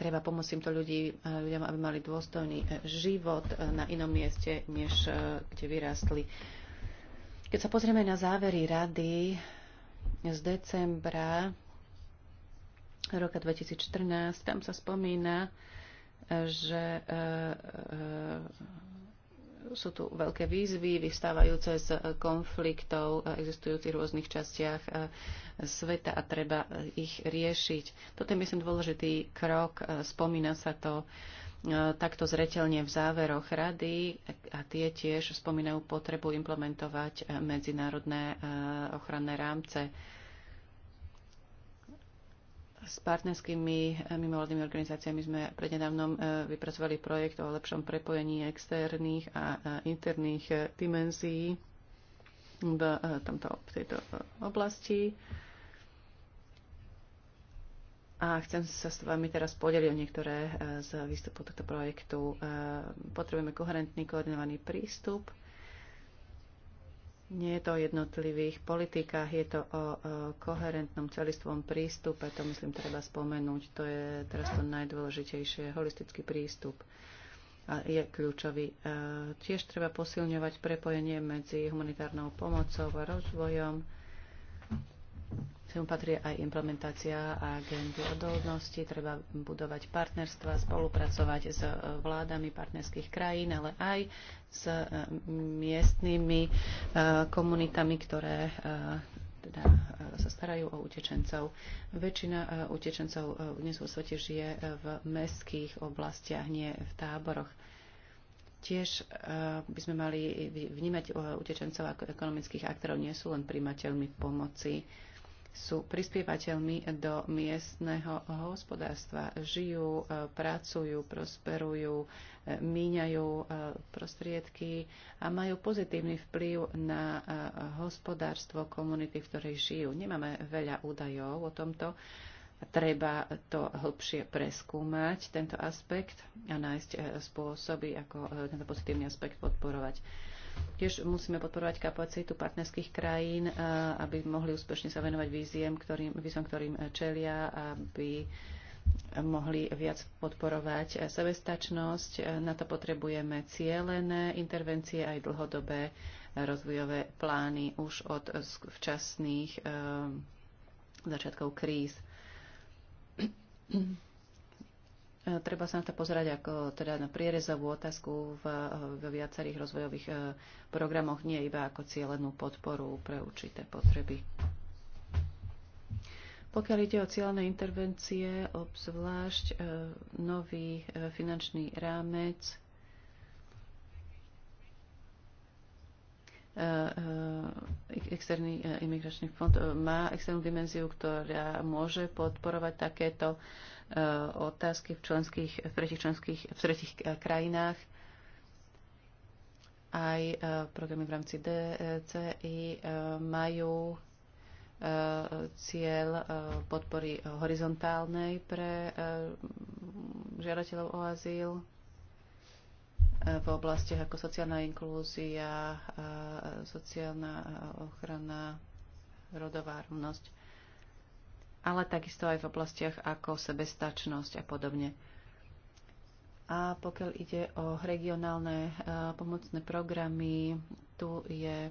Treba pomôcť týmto ľudí, ľuďom, aby mali dôstojný život na inom mieste, než kde vyrástli. Keď sa pozrieme na závery rady z decembra roka 2014, tam sa spomína, že e, e, sú tu veľké výzvy vystávajúce z konfliktov e, existujúcich v rôznych častiach sveta a treba ich riešiť. Toto je, myslím, dôležitý krok. Spomína sa to E, takto zreteľne v záveroch rady a tie tiež spomínajú potrebu implementovať e, medzinárodné e, ochranné rámce s partnerskými mimovládnymi organizáciami sme prednedávnom vypracovali projekt o lepšom prepojení externých a interných dimenzií v, tomto, v tejto oblasti. A chcem sa s vami teraz podeliť o niektoré e, z výstupov tohto projektu. E, potrebujeme koherentný, koordinovaný prístup. Nie je to o jednotlivých politikách, je to o e, koherentnom celistvom prístupe, to myslím treba spomenúť, to je teraz to najdôležitejšie, holistický prístup a je kľúčový. Tiež treba posilňovať prepojenie medzi humanitárnou pomocou a rozvojom tomu patrí aj implementácia agendy odolnosti. Treba budovať partnerstva, spolupracovať s e, vládami partnerských krajín, ale aj s e, miestnymi e, komunitami, ktoré teda sa starajú o utečencov. Väčšina utečencov dnes vo svete žije v mestských oblastiach, nie v táboroch tiež by sme mali vnímať utečencov ako ekonomických aktorov, nie sú len primateľmi pomoci sú prispievateľmi do miestneho hospodárstva. Žijú, e, pracujú, prosperujú, e, míňajú e, prostriedky a majú pozitívny vplyv na hospodárstvo komunity, v ktorej žijú. Nemáme veľa údajov o tomto. Treba to hĺbšie preskúmať, tento aspekt, a nájsť spôsoby, ako tento pozitívny aspekt podporovať. Tiež musíme podporovať kapacitu partnerských krajín, eh, aby mohli úspešne sa venovať víziem, ktorým, vízom, ktorým eh, čelia, aby mohli viac podporovať eh, sebestačnosť. Na to potrebujeme cielené intervencie aj dlhodobé rozvojové plány už od včasných začiatkov kríz. E, treba sa na to pozerať ako teda na prierezovú otázku v, v viacerých rozvojových e, programoch, nie iba ako cieľenú podporu pre určité potreby. Pokiaľ ide o cieľené intervencie, obzvlášť e, nový finančný rámec externý imigračný fond má externú dimenziu, ktorá môže podporovať takéto Eh, otázky v, členských, v, tretich členských, v tretich eh, krajinách aj eh, programy v rámci DCI majú cieľ podpory horizontálnej pre žiadateľov o azyl v oblastiach ako sociálna inklúzia, sociálna ochrana, rodová rovnosť ale takisto aj v oblastiach ako sebestačnosť a podobne. A pokiaľ ide o regionálne e, pomocné programy, tu je e,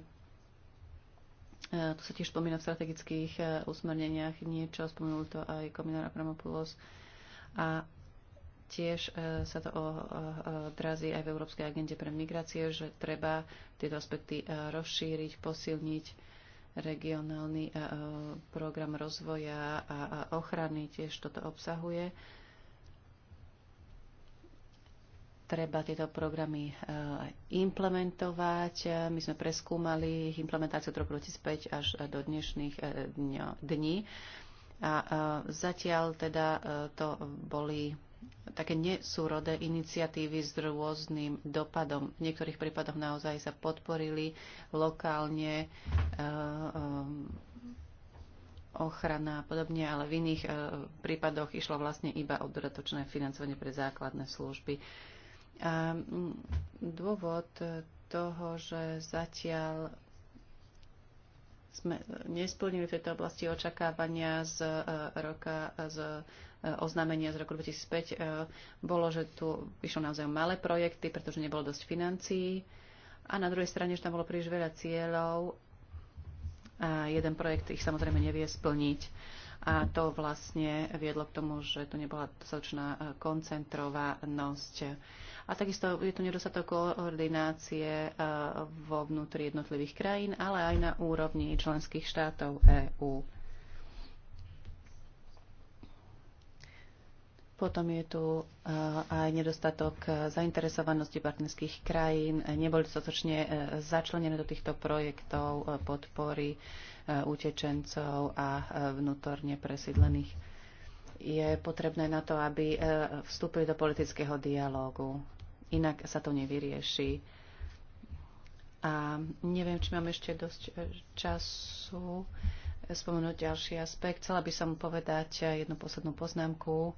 tu sa tiež spomína v strategických e, usmerneniach niečo, spomenul to aj komisár Pramopulos a tiež sa to odrazí aj v Európskej agende pre migrácie, že treba tieto aspekty rozšíriť, posilniť regionálny program rozvoja a ochrany tiež toto obsahuje. Treba tieto programy implementovať. My sme preskúmali ich implementáciu od roku 2005 až do dnešných e, dní. A zatiaľ teda e, to boli také nesúrodé iniciatívy s rôznym dopadom. V niektorých prípadoch naozaj sa podporili lokálne e, e, ochrana a podobne, ale v iných e, prípadoch išlo vlastne iba o dodatočné financovanie pre základné služby. A dôvod toho, že zatiaľ sme nesplnili v tejto oblasti očakávania z roka z oznámenia z roku 2005 e, bolo, že tu išlo naozaj malé projekty, pretože nebolo dosť financií a na druhej strane, že tam bolo príliš veľa cieľov a jeden projekt ich samozrejme nevie splniť. A to vlastne viedlo k tomu, že tu nebola dostatočná e, koncentrovanosť. A takisto je tu nedostatok koordinácie e, vo vnútri jednotlivých krajín, ale aj na úrovni členských štátov EÚ. Potom je tu e, aj nedostatok e, zainteresovanosti partnerských krajín. Neboli dostatočne e, začlenené do týchto projektov podpory utečencov a vnútorne presídlených. Je potrebné na to, aby vstúpili do politického dialógu. Inak sa to nevyrieši. A neviem, či mám ešte dosť času spomenúť ďalší aspekt. Chcela by som povedať jednu poslednú poznámku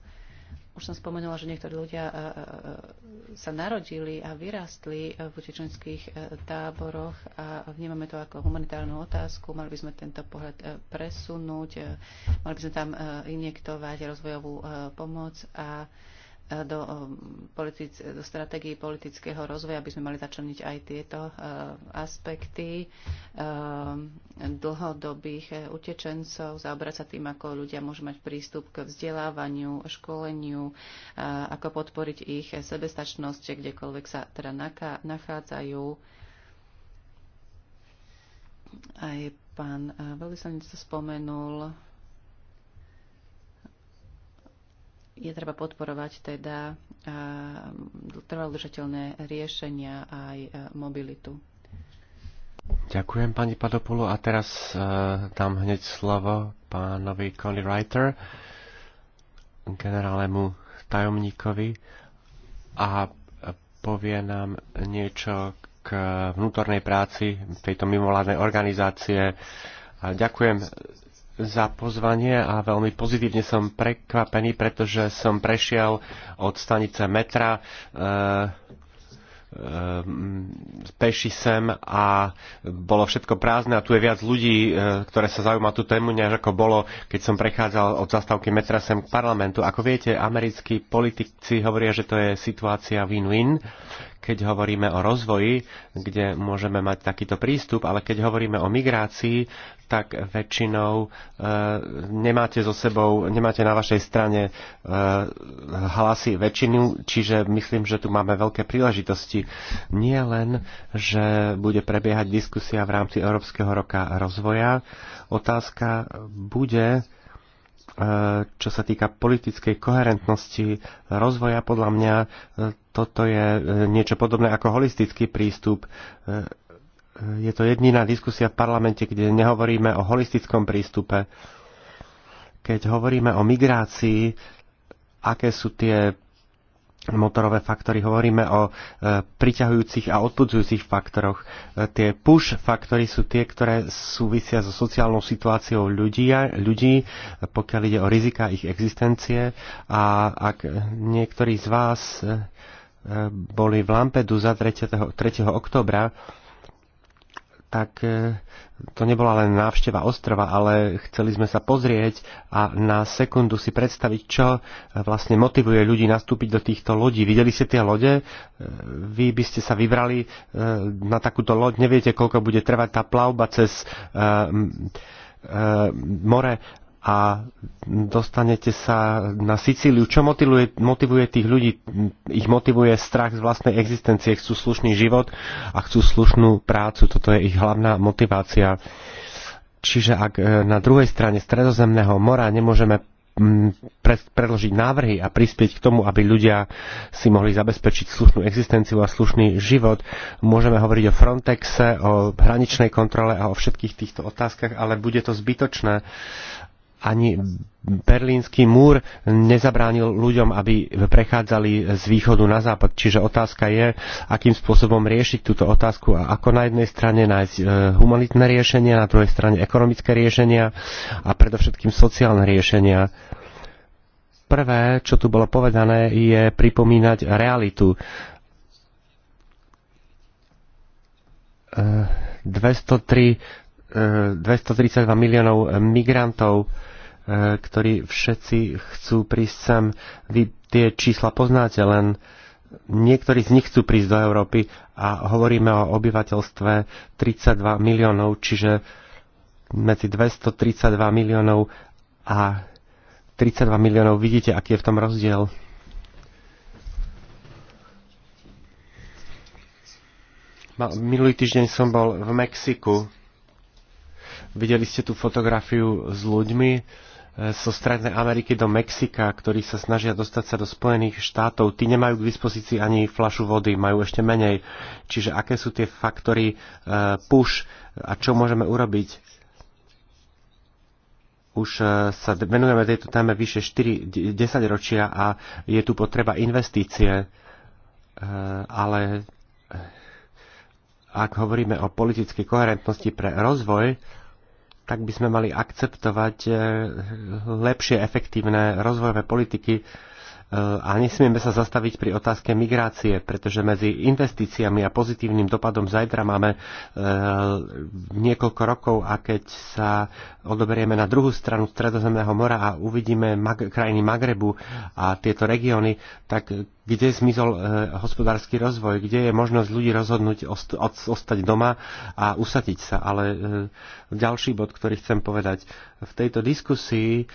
už som spomenula, že niektorí ľudia e, e, e, sa narodili a vyrastli v utečenských táboroch a vnímame to ako humanitárnu otázku. Mali by sme tento pohľad presunúť, mali by sme tam injektovať rozvojovú pomoc a E, do, e, politic, do stratégií politického rozvoja, aby sme mali začleniť aj tieto e, aspekty dlhodobých utečencov, zaobrať sa tým, ako ľudia môžu mať prístup k vzdelávaniu, školeniu, ako podporiť ich sebestačnosť, kdekoľvek sa teda nachádzajú. Aj pán veľvyslanec to spomenul je treba podporovať teda trvalodržateľné riešenia aj mobilitu. Ďakujem pani Padopulu a teraz uh, dám hneď slovo pánovi Conny Writer, generálemu tajomníkovi a povie nám niečo k vnútornej práci tejto mimovládnej organizácie. A ďakujem za pozvanie a veľmi pozitívne som prekvapený, pretože som prešiel od stanice metra e, e, peši sem a bolo všetko prázdne a tu je viac ľudí, e, ktoré sa zaujíma tú tému, než ako bolo, keď som prechádzal od zastávky metra sem k parlamentu. Ako viete, americkí politici hovoria, že to je situácia win-win, keď hovoríme o rozvoji, kde môžeme mať takýto prístup, ale keď hovoríme o migrácii, tak väčšinou e, nemáte so sebou, nemáte na vašej strane e, hlasy väčšinu, čiže myslím, že tu máme veľké príležitosti. Nie len, že bude prebiehať diskusia v rámci Európskeho roka rozvoja, otázka bude, E, čo sa týka politickej koherentnosti rozvoja, podľa mňa e, toto je e, niečo podobné ako holistický prístup. Je to jediná diskusia v parlamente, kde nehovoríme o holistickom prístupe. Keď hovoríme o migrácii, aké sú tie motorové faktory, hovoríme o e, priťahujúcich a odpudzujúcich faktoroch. E, tie push faktory sú tie, ktoré súvisia so sociálnou situáciou ľudí, ľudí, pokiaľ ide o rizika ich existencie. A ak niektorí z vás e, e boli v za 3. 3. oktobra, tak e, to nebola len návšteva ostrova, ale chceli sme sa pozrieť a na sekundu si predstaviť, čo e, vlastne motivuje ľudí nastúpiť do týchto lodí. Videli ste tie lode? E, vy by ste sa vybrali na takúto loď, neviete, koľko bude trvať tá plavba cez more a dostanete sa na Sicíliu. Čo motivuje, motivuje tých ľudí? Ich motivuje strach z vlastnej existencie, chcú slušný život a chcú slušnú prácu. Toto je ich hlavná motivácia. Čiže ak e, na druhej strane Stredozemného mora nemôžeme mm, predložiť návrhy a prispieť k tomu, aby ľudia si mohli zabezpečiť slušnú existenciu a slušný život. Môžeme hovoriť o Frontexe, o hraničnej kontrole a o všetkých týchto otázkach, ale bude to zbytočné ani berlínsky múr nezabránil ľuďom, aby prechádzali z východu na západ. Čiže otázka je, akým spôsobom riešiť túto otázku a ako na jednej strane nájsť e, humanitné riešenia, na druhej strane ekonomické riešenia a predovšetkým sociálne riešenia. Prvé, čo tu bolo povedané, je pripomínať realitu. 203, e, 232 e, miliónov migrantov E, ktorí všetci chcú prísť sem. Vy tie čísla poznáte, len niektorí z nich chcú prísť do Európy a hovoríme o obyvateľstve 32 miliónov, čiže medzi 232 miliónov a 32 miliónov. Vidíte, aký je v tom rozdiel. Minulý týždeň som bol v Mexiku. Videli ste tú fotografiu s ľuďmi, zo Strednej Ameriky do Mexika, ktorí sa snažia dostať sa do Spojených štátov, tí nemajú k dispozícii ani flašu vody, majú ešte menej. Čiže aké sú tie faktory e, push a čo môžeme urobiť? Už e, sa venujeme tejto téme vyše 4-10 ročia a je tu potreba investície, e, ale ak hovoríme o politickej koherentnosti pre rozvoj, tak by sme mali akceptovať eh, lepšie efektívne rozvojové politiky E, a nesmieme sa zastaviť pri otázke migrácie, pretože medzi investíciami a pozitívnym dopadom zajtra máme e, niekoľko rokov a keď sa odoberieme na druhú stranu Stredozemného mora a uvidíme krajiny Magrebu a tieto regióny, tak kde zmizol e, hospodársky rozvoj, kde je možnosť ľudí rozhodnúť ostať doma a usadiť sa. Ale ďalší bod, ktorý chcem povedať, v tejto diskusii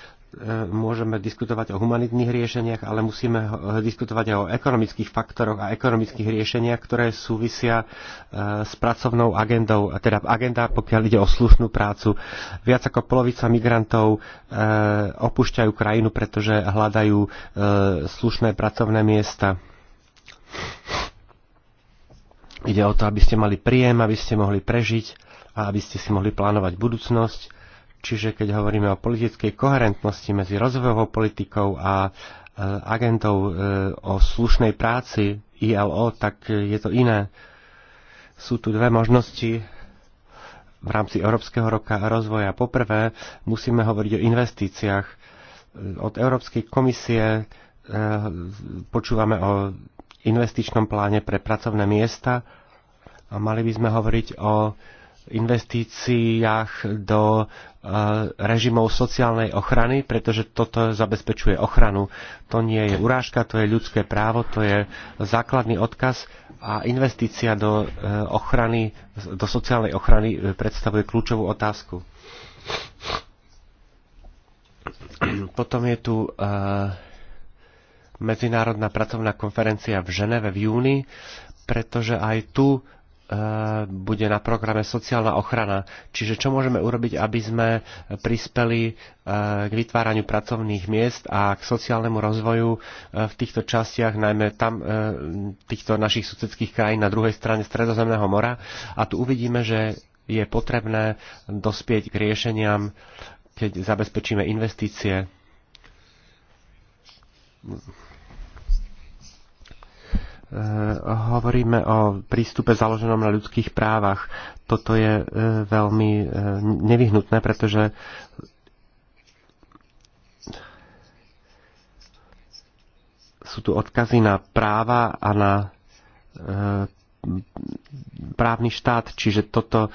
môžeme diskutovať o humanitných riešeniach, ale musíme eh, diskutovať aj o ekonomických faktoroch a ekonomických riešeniach, ktoré súvisia eh, s pracovnou agendou, teda agenda, pokiaľ ide o slušnú prácu. Viac ako polovica migrantov eh, opúšťajú krajinu, pretože hľadajú slušné pracovné miesta. Ide o to, aby ste mali príjem, aby ste mohli prežiť a aby ste si mohli plánovať budúcnosť Čiže keď hovoríme o politickej koherentnosti medzi rozvojovou politikou a e, agentov e, o slušnej práci ILO, tak je to iné. Sú tu dve možnosti v rámci Európskeho roka rozvoja. Poprvé musíme hovoriť o investíciách. Od Európskej komisie e, počúvame o investičnom pláne pre pracovné miesta a mali by sme hovoriť o investíciách do eh, režimov sociálnej ochrany, pretože toto zabezpečuje ochranu. To nie je urážka, to je ľudské právo, to je základný odkaz a investícia do eh, ochrany, do sociálnej ochrany eh, predstavuje kľúčovú otázku. Potom je tu Medzinárodná pracovná konferencia v Ženeve v júni, pretože aj tu E, bude na programe sociálna ochrana. Čiže čo môžeme urobiť, aby sme prispeli e, k vytváraniu pracovných miest a k sociálnemu rozvoju e, v týchto častiach, najmä tam týchto našich susedských krajín na druhej strane Stredozemného mora. A tu uvidíme, že je potrebné dospieť k riešeniam, keď zabezpečíme investície Eh, hovoríme o prístupe založenom na ľudských právach. Toto je eh, veľmi eh, nevyhnutné, pretože sú tu odkazy na práva a na právny štát, čiže toto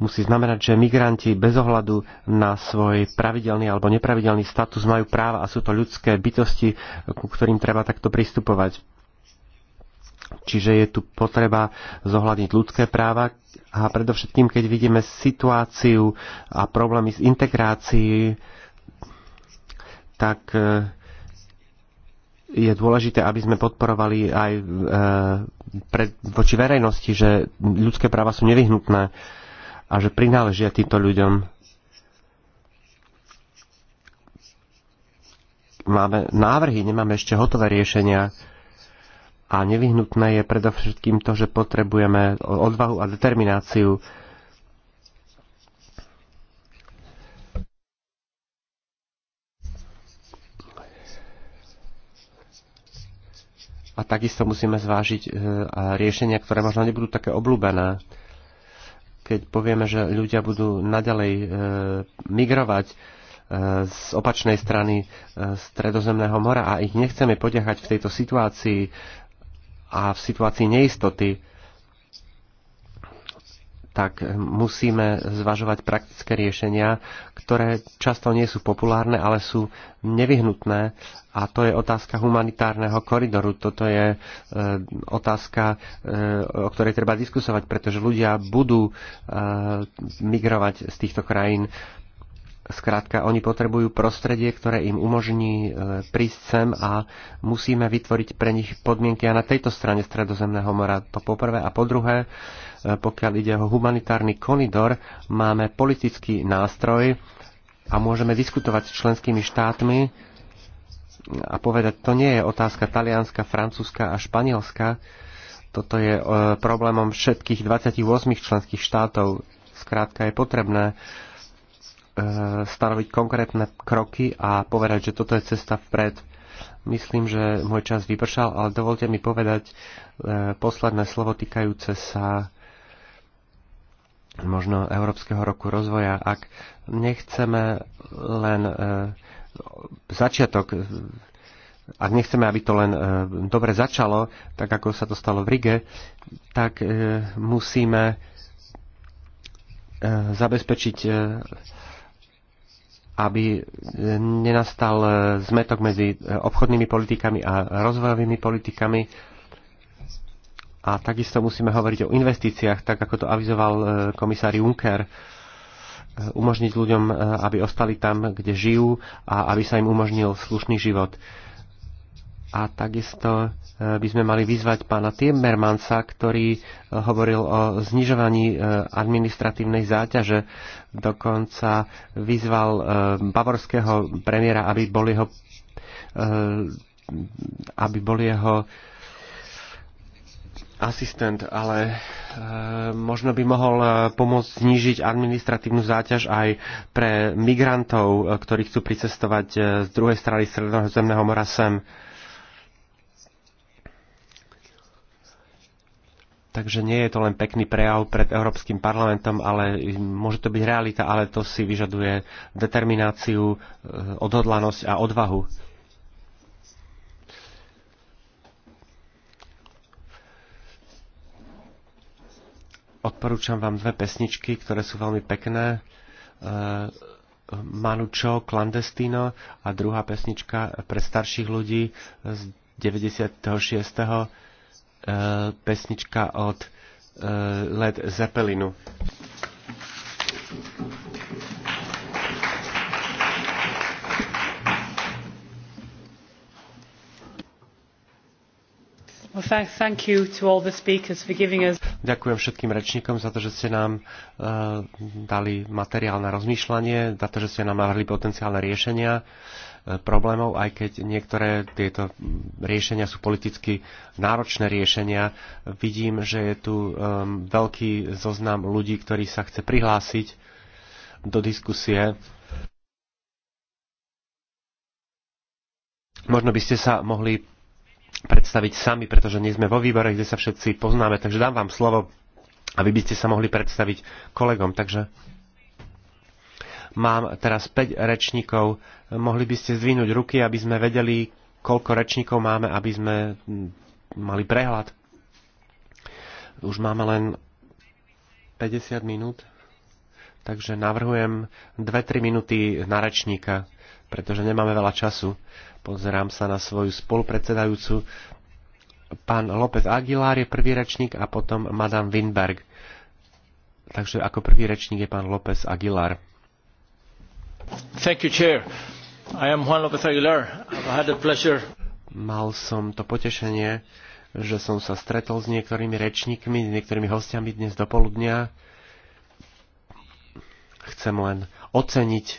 musí znamenať, že migranti bez ohľadu na svoj pravidelný alebo nepravidelný status majú práva a sú to ľudské bytosti, ku ktorým treba takto pristupovať. Čiže je tu potreba zohľadniť ľudské práva a predovšetkým, keď vidíme situáciu a problémy s integrácií, tak e, je dôležité, aby sme podporovali aj e, voči verejnosti, že ľudské práva sú nevyhnutné a že prináležia týmto ľuďom. Máme návrhy, nemáme ešte hotové riešenia a nevyhnutné je predovšetkým to, že potrebujeme odvahu a determináciu. A takisto musíme zvážiť e, riešenia, ktoré možno nebudú také obľúbené keď povieme, že ľudia budú naďalej e, migrovať e, z opačnej strany e, Stredozemného mora a ich nechceme podiahať v tejto situácii a v situácii neistoty, tak musíme zvažovať praktické riešenia, ktoré často nie sú populárne, ale sú nevyhnutné. A to je otázka humanitárneho koridoru. Toto je e, otázka, e, o ktorej treba diskusovať, pretože ľudia budú e, migrovať z týchto krajín Skrátka, oni potrebujú prostredie, ktoré im umožní e, prísť sem a musíme vytvoriť pre nich podmienky a na tejto strane Stredozemného mora. To poprvé. A po druhé, e, pokiaľ ide o humanitárny konidor, máme politický nástroj a môžeme diskutovať s členskými štátmi a povedať, to nie je otázka talianska, francúzska a španielska. Toto je e, problémom všetkých 28 členských štátov. Skrátka je potrebné E, stanoviť konkrétne kroky a povedať, že toto je cesta vpred. Myslím, že môj čas vypršal, ale dovolte mi povedať e, posledné slovo týkajúce sa možno Európskeho roku rozvoja. Ak nechceme len e, začiatok, ak nechceme, aby to len dobre začalo, tak ako sa to stalo v Rige, tak musíme zabezpečiť aby e, nenastal e, zmetok medzi e, obchodnými politikami a rozvojovými politikami. A takisto musíme hovoriť o investíciách, tak ako to avizoval komisár Juncker, umožniť ľuďom, aby ostali tam, kde žijú a aby sa im umožnil slušný život. A takisto e, by sme mali vyzvať pána Timmermansa, ktorý e, hovoril o znižovaní e, administratívnej záťaže. Dokonca vyzval bavorského premiéra, aby bol jeho, aby bol jeho asistent, ale e, možno by mohol pomôcť znížiť administratívnu záťaž aj pre migrantov, ktorí chcú pricestovať z druhej strany Stredozemného mora sem. E, Takže nie je to len pekný prejav pred Európskym parlamentom, ale môže to byť realita, ale to si vyžaduje determináciu, e, odhodlanosť a odvahu. Odporúčam vám dve pesničky, ktoré sú veľmi pekné. E, Manučo Clandestino a druhá pesnička pre starších ľudí z 96 Eh, pesnička od eh, Led Zeppelinu. Ďakujem všetkým rečníkom za to, že ste nám eh, dali materiál na rozmýšľanie, za to, že ste nám navrhli potenciálne riešenia problémov, aj keď niektoré tieto riešenia sú politicky náročné riešenia. Vidím, že je tu um, veľký zoznam ľudí, ktorí sa chce prihlásiť do diskusie. Možno by ste sa mohli predstaviť sami, pretože nie sme vo výbore, kde sa všetci poznáme, takže dám vám slovo, aby by ste sa mohli predstaviť kolegom. Takže Mám teraz 5 rečníkov. Mohli by ste zvinúť ruky, aby sme vedeli, koľko rečníkov máme, aby sme hm, mali prehľad. Už máme len 50 minút, takže navrhujem 2-3 minúty na rečníka, pretože nemáme veľa času. Pozerám sa na svoju spolupredsedajúcu. Pán López Aguilar je prvý rečník a potom Madame Winberg. Takže ako prvý rečník je pán López Aguilar. Mal som to potešenie, že som sa stretol s niektorými rečníkmi, s niektorými hostiami dnes do poludnia. Chcem len oceniť e,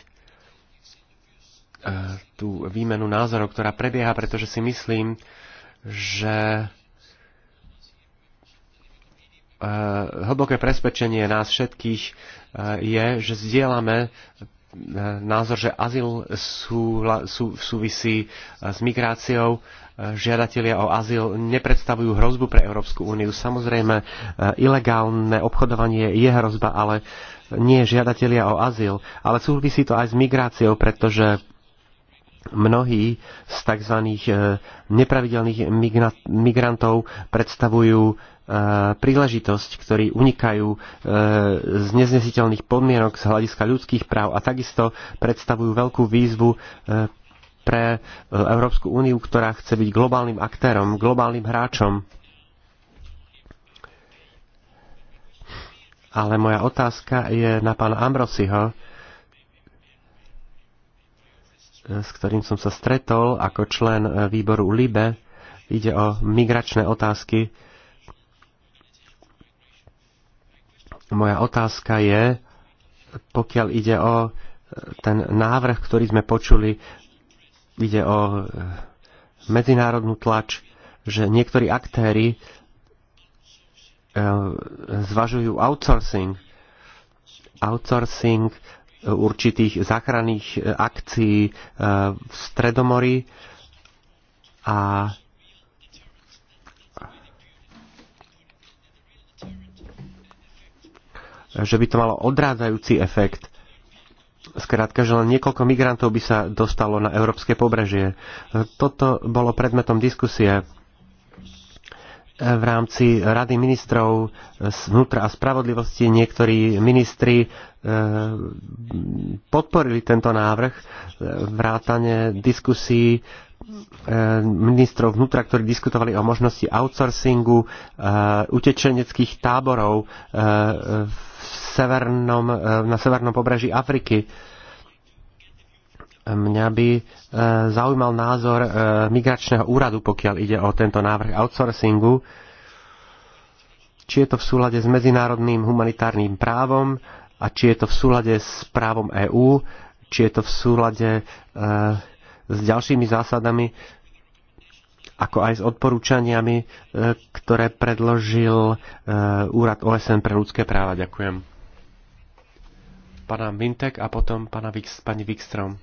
tú výmenu názorov, ktorá prebieha, pretože si myslím, že e, hlboké presvedčenie nás všetkých e, je, že zdieľame názor, že azyl sú, sú, súvisí e, s migráciou. E, žiadatelia o azyl nepredstavujú hrozbu pre Európsku úniu. Samozrejme, e, ilegálne obchodovanie je hrozba, ale nie žiadatelia o azyl. Ale súvisí to aj s migráciou, pretože mnohí z tzv. E, nepravidelných migrantov predstavujú e, príležitosť, ktorí unikajú e, z neznesiteľných podmienok z hľadiska ľudských práv a takisto predstavujú veľkú výzvu pre Európsku úniu, ktorá chce byť globálnym aktérom, globálnym hráčom. Ale moja otázka je na pána Ambrosiho s ktorým som sa stretol ako člen e, výboru LIBE. Ide o migračné otázky. Moja otázka je, pokiaľ ide o e, ten návrh, ktorý sme počuli, ide o e, medzinárodnú tlač, že niektorí aktéry zvažujú outsourcing. Outsourcing určitých záchranných e, akcií e, v Stredomori a že by to malo odrádzajúci efekt. Skrátka, že len niekoľko migrantov by sa dostalo na európske pobrežie. E, toto bolo predmetom diskusie v rámci Rady ministrov vnútra a spravodlivosti niektorí ministri e, podporili tento návrh e, vrátane diskusí e, ministrov vnútra, ktorí diskutovali o možnosti outsourcingu utečeneckých táborov v severnom, na severnom pobreží Afriky Mňa by e, zaujímal názor e, migračného úradu, pokiaľ ide o tento návrh outsourcingu, či je to v súlade s medzinárodným humanitárnym právom a či je to v súlade s právom EÚ, či je to v súlade e, s ďalšími zásadami, ako aj s odporúčaniami, ktoré predložil Úrad OSN pre ľudské práva. Ďakujem. Pana Mintek a potom pana Vix, pani Wikstrom.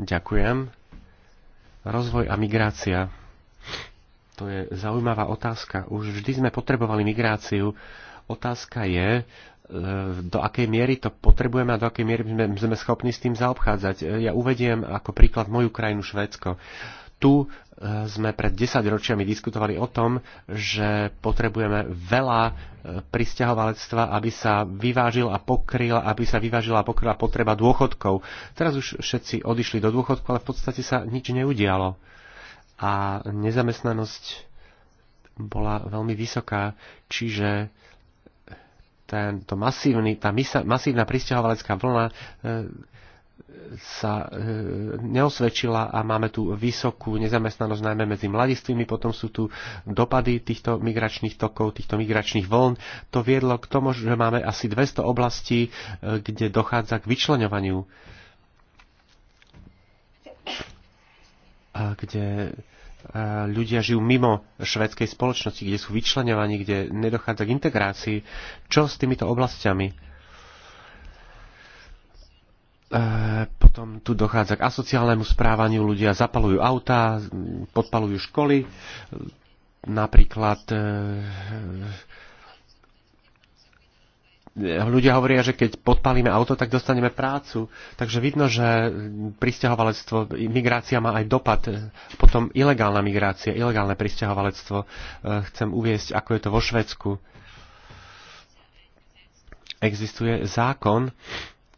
Ďakujem. Rozvoj a migrácia. To je zaujímavá otázka. Už vždy sme potrebovali migráciu. Otázka je, e, do akej miery to potrebujeme a do akej miery sme, sme schopní s tým zaobchádzať. E, ja uvediem ako príklad moju krajinu Švédsko. Tu e, sme pred 10 ročiami diskutovali o tom, že potrebujeme veľa e, pristahovalectva, aby sa vyvážil a pokryla, aby sa vyvážila a pokryla potreba dôchodkov. Teraz už všetci odišli do dôchodku, ale v podstate sa nič neudialo. A nezamestnanosť bola veľmi vysoká, čiže tento masívny, tá masívna pristahovalecká vlna e, sa e, neosvedčila a máme tu vysokú nezamestnanosť najmä medzi mladistvými, potom sú tu dopady týchto migračných tokov, týchto migračných vln. To viedlo k tomu, že máme asi 200 oblastí, e, kde dochádza k vyčlenovaniu, kde e, ľudia žijú mimo švedskej spoločnosti, kde sú vyčlenovaní, kde nedochádza k integrácii. Čo s týmito oblastiami? E, potom tu dochádza k asociálnemu správaniu, ľudia zapalujú autá, podpalujú školy, napríklad e, e, ľudia hovoria, že keď podpalíme auto, tak dostaneme prácu. Takže vidno, že pristahovalectvo, migrácia má aj dopad. Potom ilegálna migrácia, ilegálne pristahovalectvo. Chcem uviesť, ako je to vo Švedsku. Existuje zákon,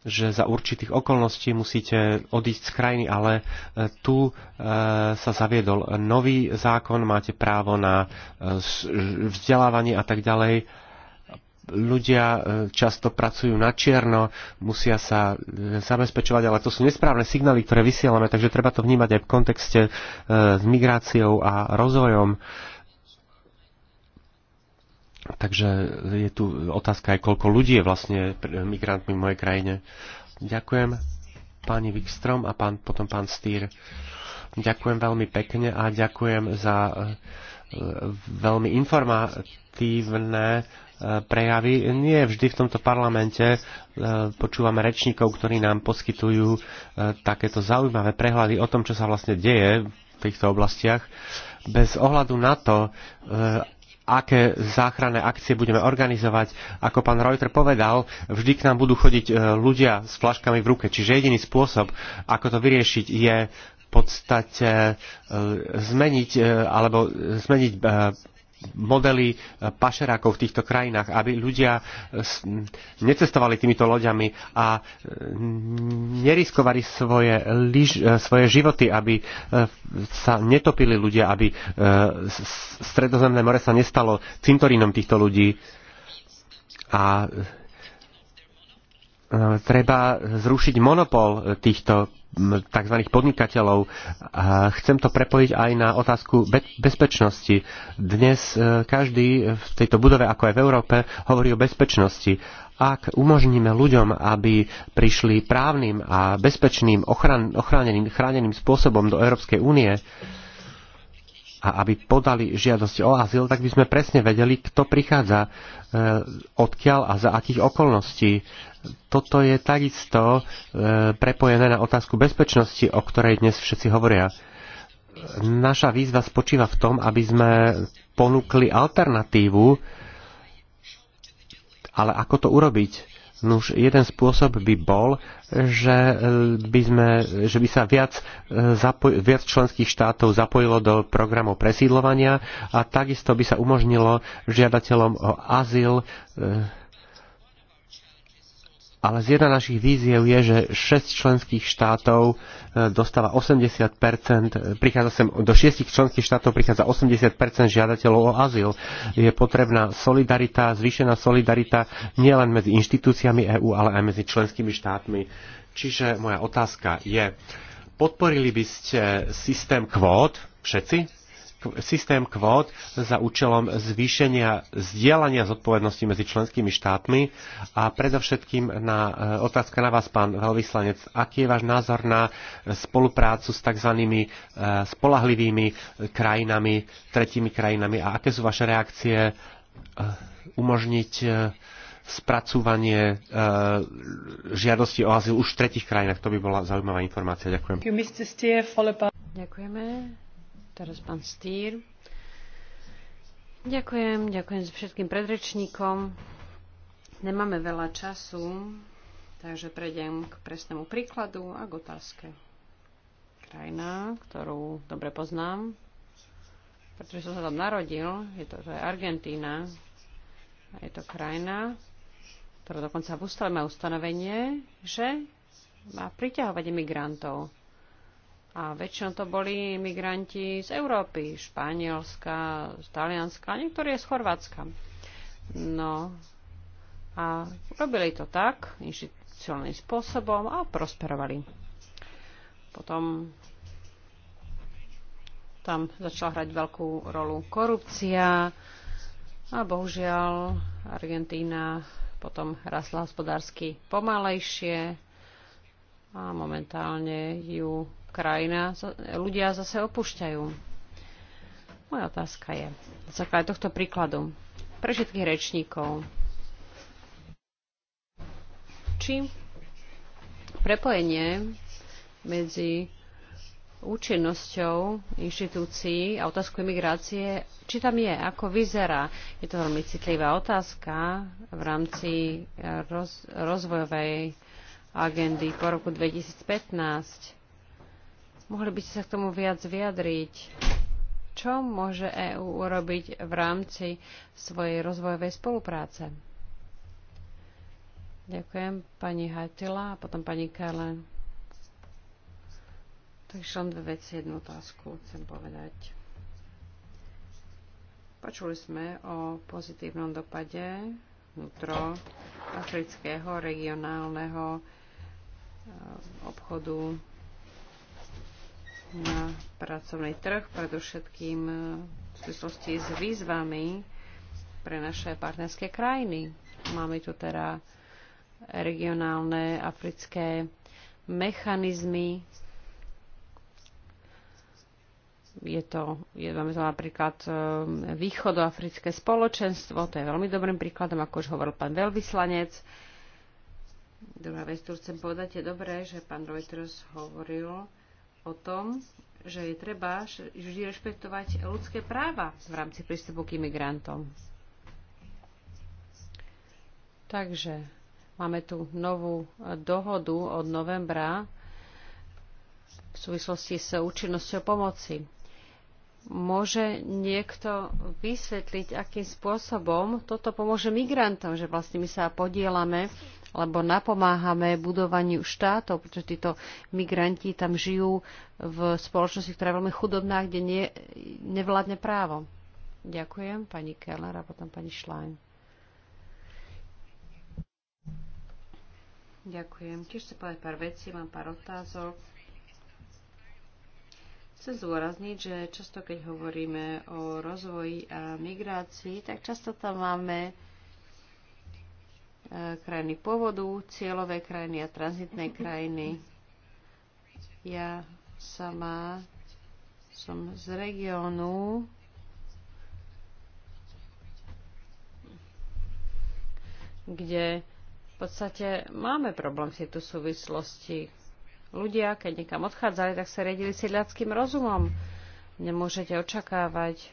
že za určitých okolností musíte odísť z krajiny, ale e, tu e, sa zaviedol nový zákon, máte právo na e, vzdelávanie a tak ďalej. Ľudia často pracujú na čierno, musia sa zabezpečovať, ale to sú nesprávne signály, ktoré vysielame, takže treba to vnímať aj v kontexte s migráciou a rozvojom. Takže je tu otázka aj, koľko ľudí je vlastne migrantmi v mojej krajine. Ďakujem pani Wikstrom a pán, potom pán Stýr. Ďakujem veľmi pekne a ďakujem za e, veľmi informatívne e, prejavy. Nie vždy v tomto parlamente e, počúvame rečníkov, ktorí nám poskytujú takéto zaujímavé prehľady o tom, čo sa vlastne deje v týchto oblastiach. Bez ohľadu na to, aké záchranné akcie budeme organizovať. Ako pán Reuter povedal, vždy k nám budú chodiť e, ľudia s flaškami v ruke. Čiže jediný spôsob, ako to vyriešiť, je v podstate e, zmeniť e, alebo zmeniť modely eh, pašerákov v týchto krajinách, aby ľudia eh, necestovali týmito loďami a eh, neriskovali svoje, liž, svoje životy, aby sa netopili ľudia, aby Stredozemné more sa nestalo cintorínom týchto ľudí. A E, treba zrušiť monopol týchto tzv. podnikateľov. A chcem to prepojiť aj na otázku bezpečnosti. Dnes e, každý v tejto budove, ako aj v Európe, hovorí o bezpečnosti. Ak umožníme ľuďom, aby prišli právnym a bezpečným, ochran, ochráneným, chráneným spôsobom do Európskej únie, a aby podali žiadosť o azyl, tak by sme presne vedeli, kto prichádza, e, odkiaľ a za akých okolností. Toto je takisto e, prepojené na otázku bezpečnosti, o ktorej dnes všetci hovoria. Naša výzva spočíva v tom, aby sme ponúkli alternatívu, ale ako to urobiť? Nuž, jeden spôsob by bol, že e, by, sme, že by sa viac, e, zapoj, viac členských štátov zapojilo do programov presídlovania a takisto by sa umožnilo žiadateľom o azyl e, ale z jedna našich víziev je, že 6 členských štátov e, dostáva 80%, e, prichádza sem, do 6 členských štátov prichádza 80% žiadateľov o azyl. Je potrebná solidarita, zvýšená solidarita nielen medzi inštitúciami EÚ, ale aj medzi členskými štátmi. Čiže moja otázka je, podporili by ste systém kvót všetci? systém kvót za účelom zvýšenia zdieľania zodpovednosti medzi členskými štátmi a predovšetkým na, e, otázka na vás, pán veľvyslanec, aký je váš názor na spoluprácu s tzv. E, spolahlivými krajinami, tretími krajinami a aké sú vaše reakcie e, umožniť spracúvanie žiadosti o azyl už v tretich krajinách. To by bola zaujímavá informácia. Ďakujem. Ďakujeme. Teraz pán Stýr. Ďakujem, ďakujem všetkým predrečníkom. Nemáme veľa času, takže prejdem k presnému príkladu a k otázke. Krajina, ktorú dobre poznám, pretože som sa tam narodil, je to, to je Argentína. A je to krajina, ktorá dokonca v ústave má ustanovenie, že má priťahovať imigrantov. A väčšinou to boli migranti z Európy, Španielska, z Talianska, a niektorí z Chorvátska. No a robili to tak, inštitucionálnym spôsobom a prosperovali. Potom tam začala hrať veľkú rolu korupcia a bohužiaľ Argentína potom rastla hospodársky pomalejšie a momentálne ju krajina, ľudia zase opúšťajú. Moja otázka je, na základe tohto príkladu, pre všetkých rečníkov, či prepojenie medzi účinnosťou inštitúcií a otázku imigrácie, či tam je, ako vyzerá. Je to veľmi citlivá otázka v rámci eh, roz, rozvojovej agendy po roku 2015. Mohli by ste sa k tomu viac vyjadriť. Čo môže EÚ urobiť v rámci svojej rozvojovej spolupráce? Ďakujem pani Hatila a potom pani Kellen. Takže len dve veci, jednu otázku chcem povedať. Počuli sme o pozitívnom dopade vnútroafrického regionálneho eh, obchodu na pracovný trh, predovšetkým e, v súvislosti s výzvami pre naše partnerské krajiny. Máme tu teda regionálne africké mechanizmy. Je to, je, máme to napríklad e, východoafrické spoločenstvo, to je veľmi dobrým príkladom, ako už hovoril pán veľvyslanec. Druhá vec, ktorú chcem povedať, je dobré, že pán Reuters hovoril o tom, že je treba vždy rešpektovať ľudské práva v rámci prístupu k imigrantom. Takže máme tu novú e, dohodu od novembra v súvislosti s účinnosťou pomoci. Môže niekto vysvetliť, akým spôsobom toto pomôže migrantom, že vlastne my sa podielame alebo napomáhame budovaniu štátov, pretože títo migranti tam žijú v spoločnosti, ktorá je veľmi chudobná, kde nie, nevládne právo. Ďakujem, pani Keller a potom pani Schlein. Ďakujem. Tiež chcem povedať pár vecí, mám pár otázok. Chcem zúrazniť, že často keď hovoríme o rozvoji a migrácii, tak často tam máme Eh, krajiny pôvodu, cieľové krajiny a tranzitné krajiny. Ja sama som z regiónu, kde v podstate máme problém v tu súvislosti. Ľudia, keď niekam odchádzali, tak sa riedili sedľackým rozumom. Nemôžete očakávať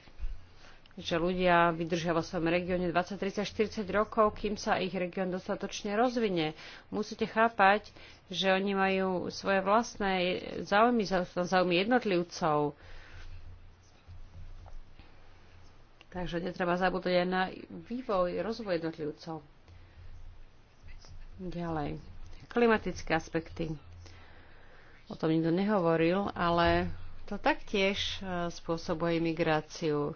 že ľudia vydržia vo svojom regióne 20, 30, 40 rokov, kým sa ich región dostatočne rozvinie. Musíte chápať, že oni majú svoje vlastné záujmy, záujmy jednotlivcov. Takže netreba zabúdať aj na vývoj, rozvoj jednotlivcov. Ďalej. Klimatické aspekty. O tom nikto nehovoril, ale to taktiež e, spôsobuje imigráciu.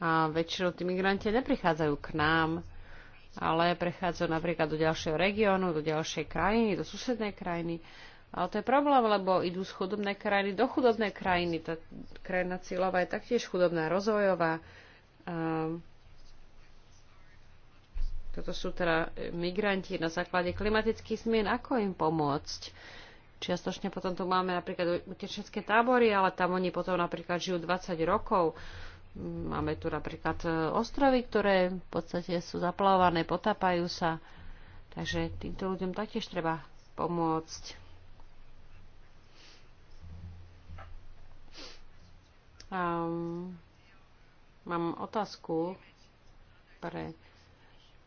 A väčšinou tí migranti neprichádzajú k nám, ale prechádzajú napríklad do ďalšieho regiónu, do ďalšej krajiny, do susednej krajiny. Ale to je problém, lebo idú z chudobnej krajiny do chudobnej krajiny. Tá krajina cieľová je taktiež chudobná, rozvojová. Um, toto sú teda migranti na základe klimatických zmien. Ako im pomôcť? Čiastočne potom tu máme napríklad utečenské tábory, ale tam oni potom napríklad žijú 20 rokov. Máme tu napríklad e, ostrovy, ktoré v podstate sú zaplavované, potápajú sa. Takže týmto ľuďom taktiež treba pomôcť. Um, mám otázku pre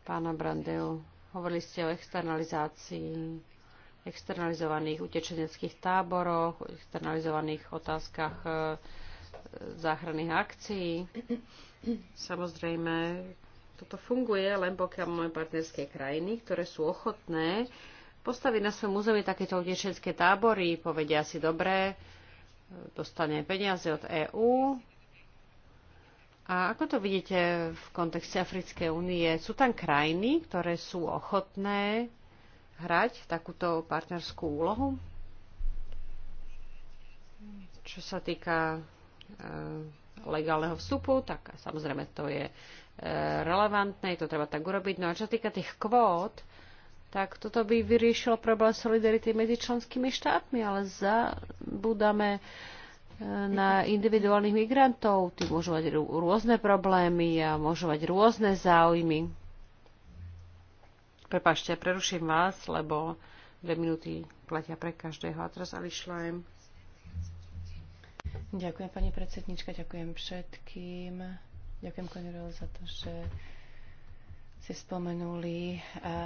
pána Brandeu. Hovorili ste o externalizácii externalizovaných utečeneckých táboroch, externalizovaných otázkach e, záchranných akcií. Samozrejme, toto funguje len pokiaľ máme partnerské krajiny, ktoré sú ochotné postaviť na svojom území takéto utečenské tábory, povedia si dobre, dostane peniaze od EÚ. A ako to vidíte v kontexte Africkej únie, sú tam krajiny, ktoré sú ochotné hrať takúto partnerskú úlohu? Čo sa týka Eh, legálneho vstupu, tak samozrejme to je eh, relevantné, to treba tak urobiť. No a čo sa týka tých kvót, tak toto by vyriešilo problém solidarity medzi členskými štátmi, ale zabúdame eh, na individuálnych migrantov. Tí môžu mať rôzne problémy a môžu mať rôzne záujmy. Prepašte, preruším vás, lebo dve minúty platia pre každého. A teraz Ali Schleim. Ďakujem pani predsednička, ďakujem všetkým. Ďakujem Konirov za to, že ste spomenuli eh,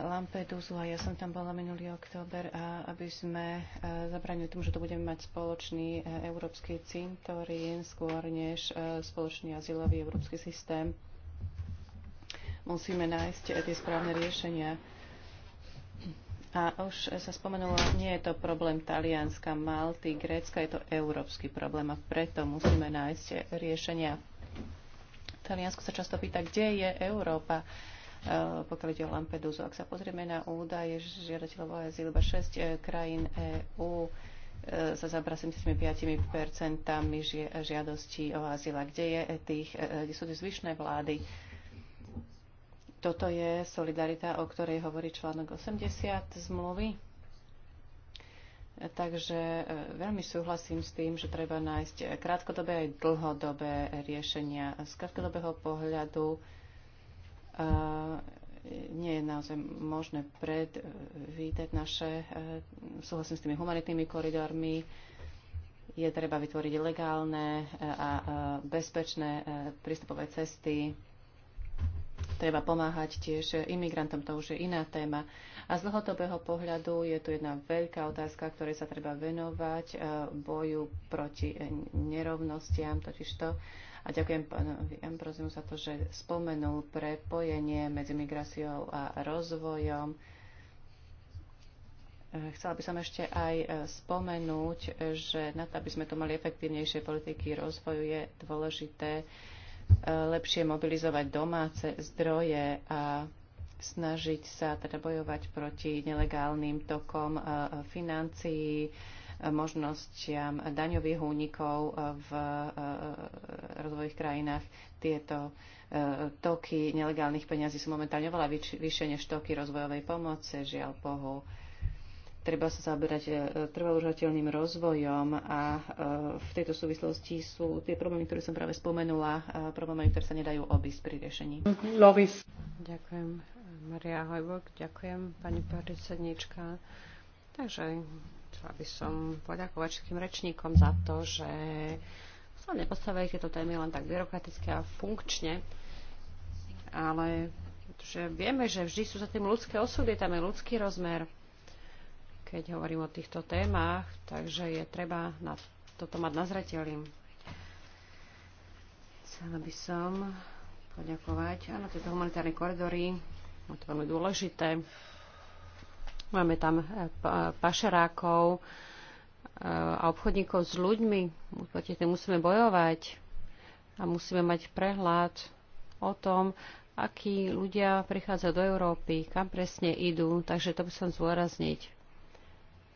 Lampedusu a ja som tam bola minulý október, a aby sme eh, zabranili tomu, že tu budeme mať spoločný eh, európsky cintorín skôr než spoločný azylový európsky systém. Musíme nájsť tie správne riešenia. A už sa spomenulo, nie je to problém Talianska, Malty, Grécka, je to európsky problém a preto musíme nájsť riešenia. Taliansko sa často pýta, kde je Európa, e, pokiaľ ide o Lampedusu. Ak sa pozrieme na údaje žiadateľov o azyl, iba 6 e, krajín EÚ e, sa zabra 75% žiadostí o azyl. A kde, je tých, kde sú tie zvyšné vlády? Toto je solidarita, o ktorej hovorí článok 80 zmluvy. Takže e, veľmi súhlasím s tým, že treba nájsť krátkodobé aj dlhodobé riešenia. Z krátkodobého pohľadu e, nie je naozaj možné predvídať naše, e, súhlasím s tými humanitnými koridormi, je treba vytvoriť legálne a bezpečné prístupové cesty treba pomáhať tiež imigrantom, to už je iná téma. A z dlhodobého pohľadu je tu jedna veľká otázka, ktorej sa treba venovať, e, boju proti nerovnostiam, totižto. A ďakujem pánovi Ambrozimu za to, že spomenul prepojenie medzi migráciou a rozvojom. E, chcela by som ešte aj e, spomenúť, že na to, aby sme tu mali efektívnejšie politiky rozvoju, je dôležité lepšie mobilizovať domáce zdroje a snažiť sa teda bojovať proti nelegálnym tokom e, financií, e, možnostiam daňových únikov v e, rozvojových krajinách. Tieto toky nelegálnych peňazí sú momentálne oveľa vyššie než toky rozvojovej pomoci, žiaľ Bohu. Treba sa zaberať e, trvalúžateľným rozvojom a e, v tejto súvislosti sú tie problémy, ktoré som práve spomenula, e, problémy, ktoré sa nedajú obísť pri riešení. Lovis. Ďakujem, Maria Hojbok. Ďakujem, pani predsednička. Takže chcela by som poďakovať všetkým rečníkom za to, že sa nepostavili tieto témy len tak byrokraticky a funkčne, ale že vieme, že vždy sú za tým ľudské osudy, tam je ľudský rozmer keď hovorím o týchto témach, takže je treba na toto mať na zreteli. Chcela by som poďakovať. Áno, tieto humanitárne koridory, no je to veľmi dôležité. Máme tam eh, pašerákov eh, a obchodníkov s ľuďmi. musíme bojovať a musíme mať prehľad o tom, akí ľudia prichádzajú do Európy, kam presne idú, takže to by som zôrazniť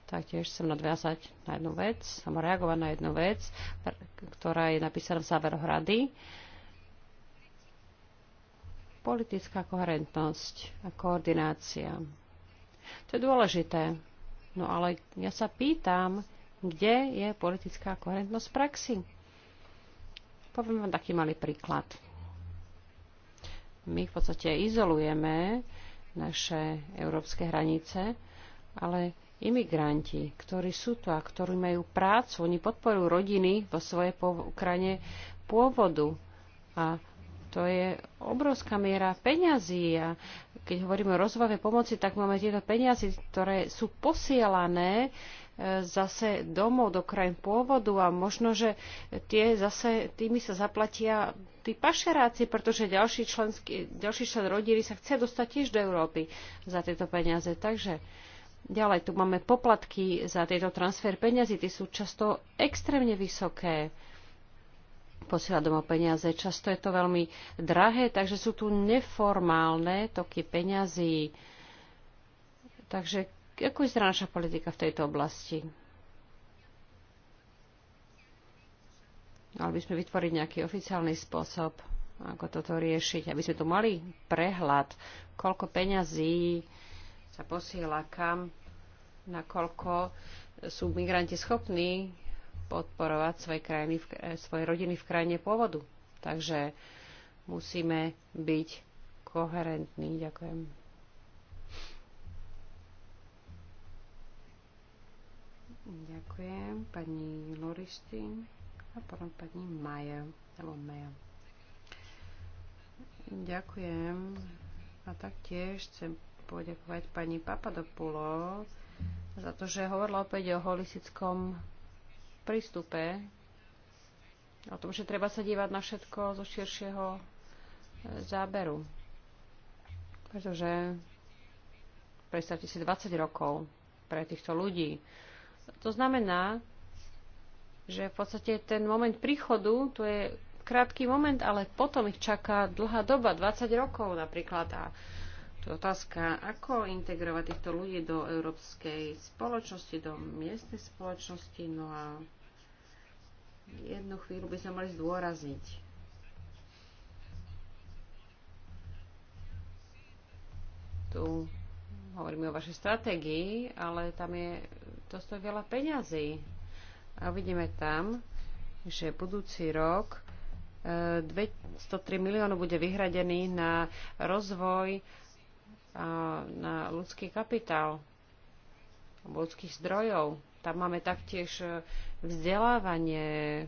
taktiež chcem nadviazať na jednu vec, samo reagovať na jednu vec, ktorá je napísaná v záveroch rady. Politická koherentnosť a koordinácia. To je dôležité. No ale ja sa pýtam, kde je politická koherentnosť v praxi? Poviem vám taký malý príklad. My v podstate izolujeme naše európske hranice, ale imigranti, ktorí sú tu a ktorí majú prácu, oni podporujú rodiny vo svojej krajine pôvodu. A to je obrovská miera peňazí. A keď hovoríme o rozvojovej pomoci, tak máme tieto peniazy, ktoré sú posielané e, zase domov do krajín pôvodu a možno, že tie zase, tými sa zaplatia tí pašeráci, pretože ďalší, členský, ďalší člen rodiny sa chce dostať tiež do Európy za tieto peniaze. Takže Ďalej, tu máme poplatky za tieto transfer peňazí, tie sú často extrémne vysoké. posielať domov peniaze, často je to veľmi drahé, takže sú tu neformálne toky peňazí. Takže ako je naša politika v tejto oblasti? Mali by sme vytvoriť nejaký oficiálny spôsob, ako toto riešiť, aby sme tu mali prehľad, koľko peňazí sa posiela kam, nakoľko sú migranti schopní podporovať svoje, krajiny, svoje rodiny v krajine pôvodu. Takže musíme byť koherentní. Ďakujem. Ďakujem pani Loristin a potom pani Maja. Alebo Maja. Ďakujem. A taktiež chcem poďakovať pani Papadopulo za to, že hovorila opäť o holistickom prístupe, o tom, že treba sa dívať na všetko zo širšieho e, záberu. Pretože predstavte si 20 rokov pre týchto ľudí. To znamená, že v podstate ten moment príchodu, to je krátky moment, ale potom ich čaká dlhá doba, 20 rokov napríklad. A Otázka, ako integrovať týchto ľudí do európskej spoločnosti, do miestnej spoločnosti, no a jednu chvíľu by sme mali zdôrazniť. Tu hovoríme o vašej stratégii, ale tam je, to stojí veľa peňazí. A vidíme tam, že budúci rok 203 e, miliónov bude vyhradený na rozvoj na ľudský kapitál, ľudských zdrojov. Tam máme taktiež e, vzdelávanie,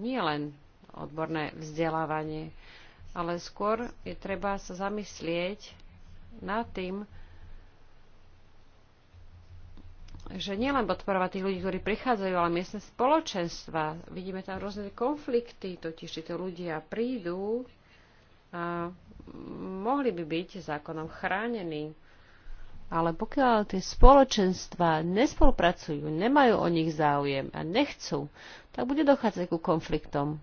nie len odborné vzdelávanie, ale skôr je treba sa zamyslieť nad tým, že nielen podporovať tých ľudí, ktorí prichádzajú, ale miestne spoločenstva. Vidíme tam rôzne konflikty, totiž títo ľudia prídu a mohli by byť zákonom chránení. Ale pokiaľ tie spoločenstva nespolupracujú, nemajú o nich záujem a nechcú, tak bude dochádzať ku konfliktom.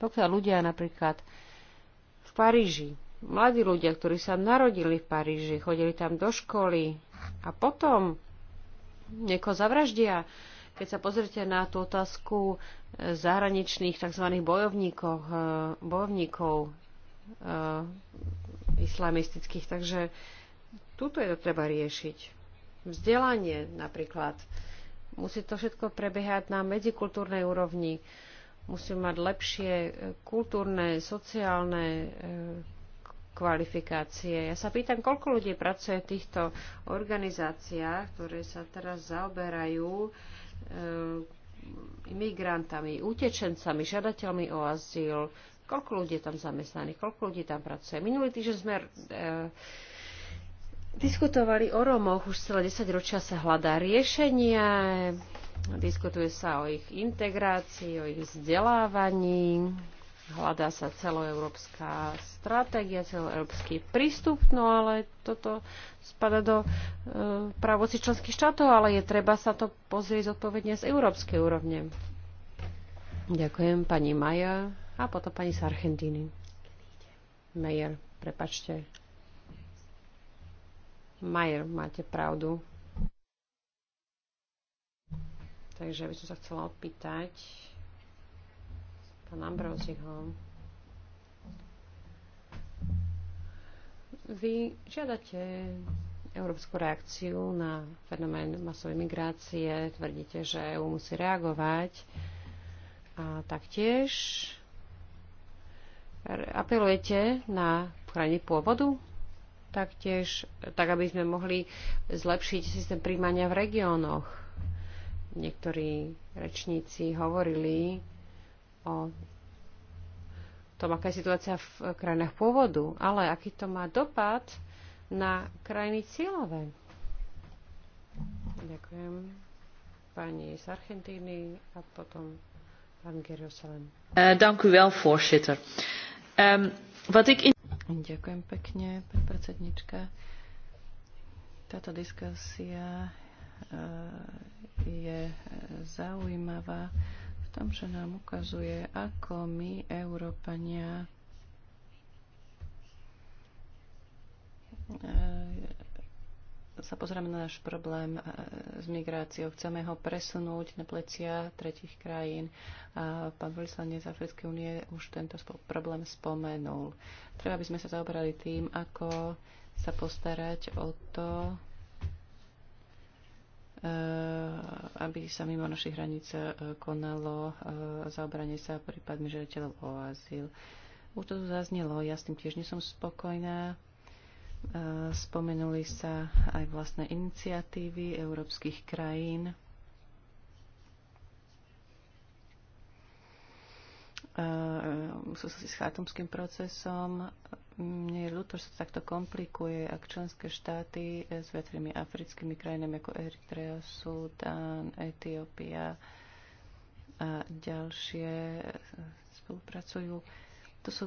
Pokiaľ ľudia napríklad v Paríži, mladí ľudia, ktorí sa narodili v Paríži, chodili tam do školy a potom niekoho zavraždia, keď sa pozrite na tú otázku e, zahraničných tzv. E, bojovníkov, bojovníkov Eh, islamistických. Takže túto je to treba riešiť. Vzdelanie napríklad. Musí to všetko prebiehať na medzikultúrnej úrovni. Musí mať lepšie eh, kultúrne, sociálne eh, kvalifikácie. Ja sa pýtam, koľko ľudí pracuje v týchto organizáciách, ktoré sa teraz zaoberajú imigrantami, utečencami, žiadateľmi o azyl, Koľko ľudí je tam zamestnaných, koľko ľudí tam pracuje. Minulý týždeň sme e, diskutovali o Romoch, už celé 10 ročia sa hľadá riešenie, diskutuje sa o ich integrácii, o ich vzdelávaní, hľadá sa celoeurópska stratégia, celoeurópsky prístup, no ale toto spada do e, právoci členských štátov, ale je treba sa to pozrieť zodpovedne z európskej úrovne. Ďakujem, pani Maja. A potom pani z Argentíny. Mayer, prepačte. Mayer, máte pravdu. Takže by som sa chcela opýtať pán Ambroziho. Vy žiadate európsku reakciu na fenomén masovej migrácie. Tvrdíte, že EU musí reagovať. A taktiež apelujete na krajiny pôvodu, taktiež tak, aby sme mohli zlepšiť systém príjmania v regiónoch. Niektorí rečníci hovorili o tom, aká je situácia v krajinách pôvodu, ale aký to má dopad na krajiny cieľové. Ďakujem pani z Argentíny a potom pán Gerosalem. Uh, eh, dank u wel, voorzitter. Uh, Um, in... Ďakujem pekne, pani predsednička. Táto diskusia eh, je zaujímavá v tom, že nám ukazuje, ako my, Európania, eh, sa pozrieme na náš problém e, s migráciou, chceme ho presunúť na plecia tretich krajín. A pán vyslanec z Africkej únie už tento problém spomenul. Treba by sme sa zaoberali tým, ako sa postarať o to, e, aby sa mimo našich hraníc e, konalo zaobranie sa prípadmi žiadateľov o azyl. Už to tu zaznelo, ja s tým tiež nie som spokojná. Eh, spomenuli sa aj vlastné iniciatívy európskych krajín. Eh, súvisí s chátomským procesom. Mne je ľúto, že sa takto komplikuje, ak členské štáty eh, s viacerými africkými krajinami ako Eritrea, Sudan, Etiópia a ďalšie spolupracujú. To sú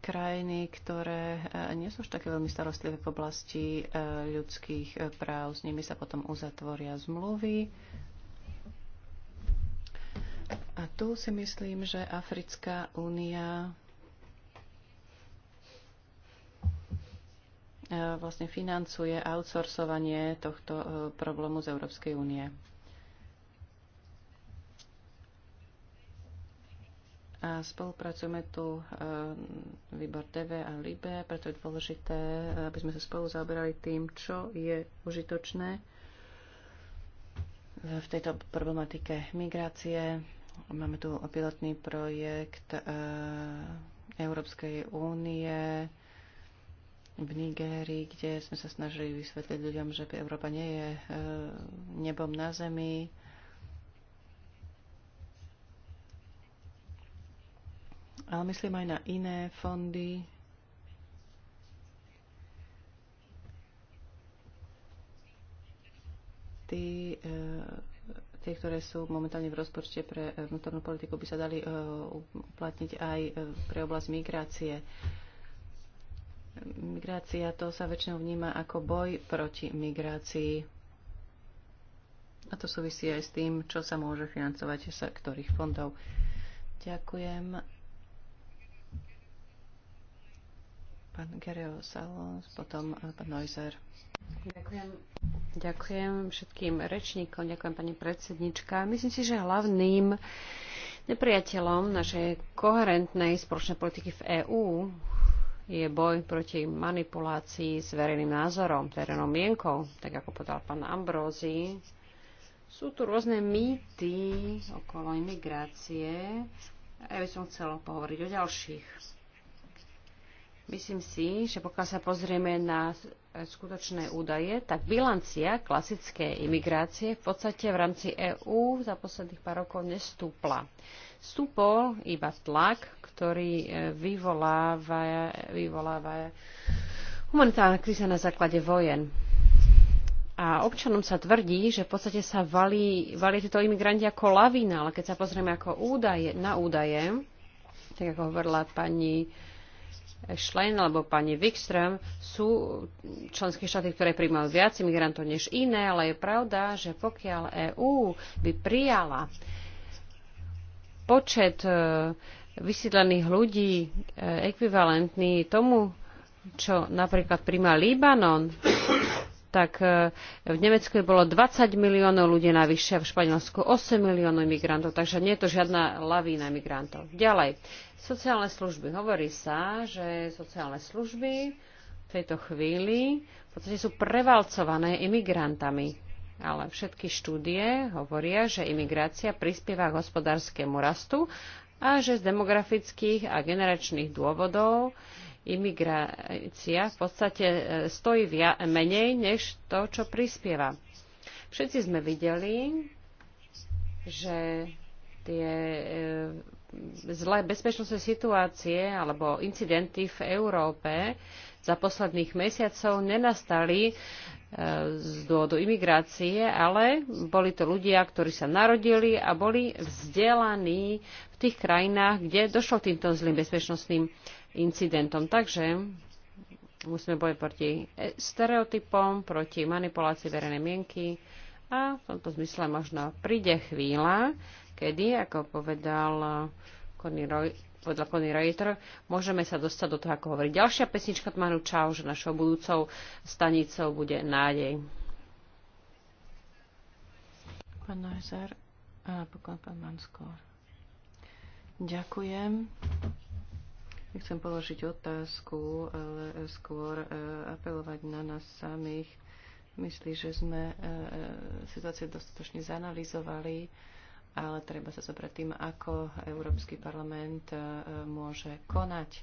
krajiny, ktoré eh, nie sú už také veľmi starostlivé v oblasti eh, ľudských eh, práv. S nimi sa potom uzatvoria zmluvy. A tu si myslím, že Africká únia vlastne financuje outsourcovanie tohto problému z Európskej únie. A spolupracujeme tu e, výbor TV a LIBE, preto je dôležité, e, aby sme sa spolu zaoberali tým, čo je užitočné v tejto problematike migrácie. Máme tu pilotný projekt e, Európskej únie v Nigérii, kde sme sa snažili vysvetliť ľuďom, že Európa nie je nebom na zemi, ale myslím aj na iné fondy. Tí, eh, tí, ktoré sú momentálne v rozpočte pre eh, vnútornú politiku, by sa dali eh, uplatniť aj pre oblasť migrácie. Migrácia to sa väčšinou vníma ako boj proti migrácii. A to súvisí aj s tým, čo sa môže financovať z ktorých fondov. Ďakujem. Pán Gereo Salons, potom eh, pán Neuser. Ďakujem. Ďakujem všetkým rečníkom, ďakujem pani predsednička. Myslím si, že hlavným nepriateľom našej koherentnej spoločnej politiky v EÚ je boj proti manipulácii s verejným názorom, verejnou mienkou, tak ako povedal pán Ambrosi. Sú tu rôzne mýty okolo imigrácie a ja by som chcela pohovoriť o ďalších. Myslím si, že pokiaľ sa pozrieme na skutočné údaje, tak bilancia klasické imigrácie v podstate v rámci EÚ za posledných pár rokov nestúpla. Stúpol iba tlak, ktorý e, vyvoláva, vyvoláva humanitárna kríza na základe vojen. A občanom sa tvrdí, že v podstate sa valí, valí tieto imigranti ako lavina, ale keď sa pozrieme ako údaje, na údaje, tak ako hovorila pani Schlein alebo pani Wikström sú členské štáty, ktoré príjmajú viac imigrantov než iné, ale je pravda, že pokiaľ EÚ by prijala počet e, vysídlených ľudí e, ekvivalentný tomu, čo napríklad príjma Libanon, tak e, v Nemecku je bolo 20 miliónov ľudí navyše v Španielsku 8 miliónov imigrantov, takže nie je to žiadna lavína imigrantov. Ďalej, sociálne služby. Hovorí sa, že sociálne služby v tejto chvíli v podstate sú prevalcované imigrantami. Ale všetky štúdie hovoria, že imigrácia prispieva k hospodárskému rastu a že z demografických a generačných dôvodov uh, imigrácia v podstate e, stojí menej než to, čo prispieva. Všetci sme videli, že tie e, zlé bezpečnostné situácie alebo incidenty v Európe za posledných mesiacov nenastali e, z dôvodu imigrácie, ale boli to ľudia, ktorí sa narodili a boli vzdelaní v tých krajinách, kde došlo k týmto zlým bezpečnostným incidentom. Takže musíme bojovať proti stereotypom, proti manipulácii verejnej mienky a v tomto zmysle možno príde chvíľa, kedy, ako povedal Roy, podľa Conny Reuter, môžeme sa dostať do toho, ako hovorí ďalšia pesnička Tmanu Čau, že našou budúcou stanicou bude nádej. Pán Neuser a napokon pán Manskor. Ďakujem. Nechcem položiť otázku, ale e, skôr e, apelovať na nás samých. Myslím, že sme e, situáciu dostatočne zanalizovali, ale treba sa zobrať tým, ako Európsky parlament môže konať.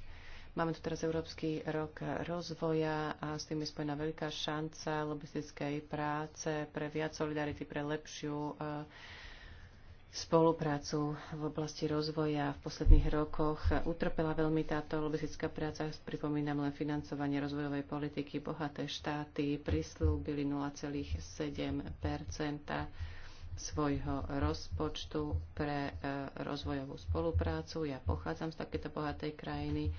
Máme tu teraz Európsky rok rozvoja a s tým je spojená veľká šanca lobistickej práce pre viac solidarity, pre lepšiu uh, spoluprácu v oblasti rozvoja v posledných rokoch. Utrpela veľmi táto lobistická práca, pripomínam len financovanie rozvojovej politiky. Bohaté štáty prislúbili 0,7 svojho rozpočtu pre e, rozvojovú spoluprácu. Ja pochádzam z takéto bohatej krajiny.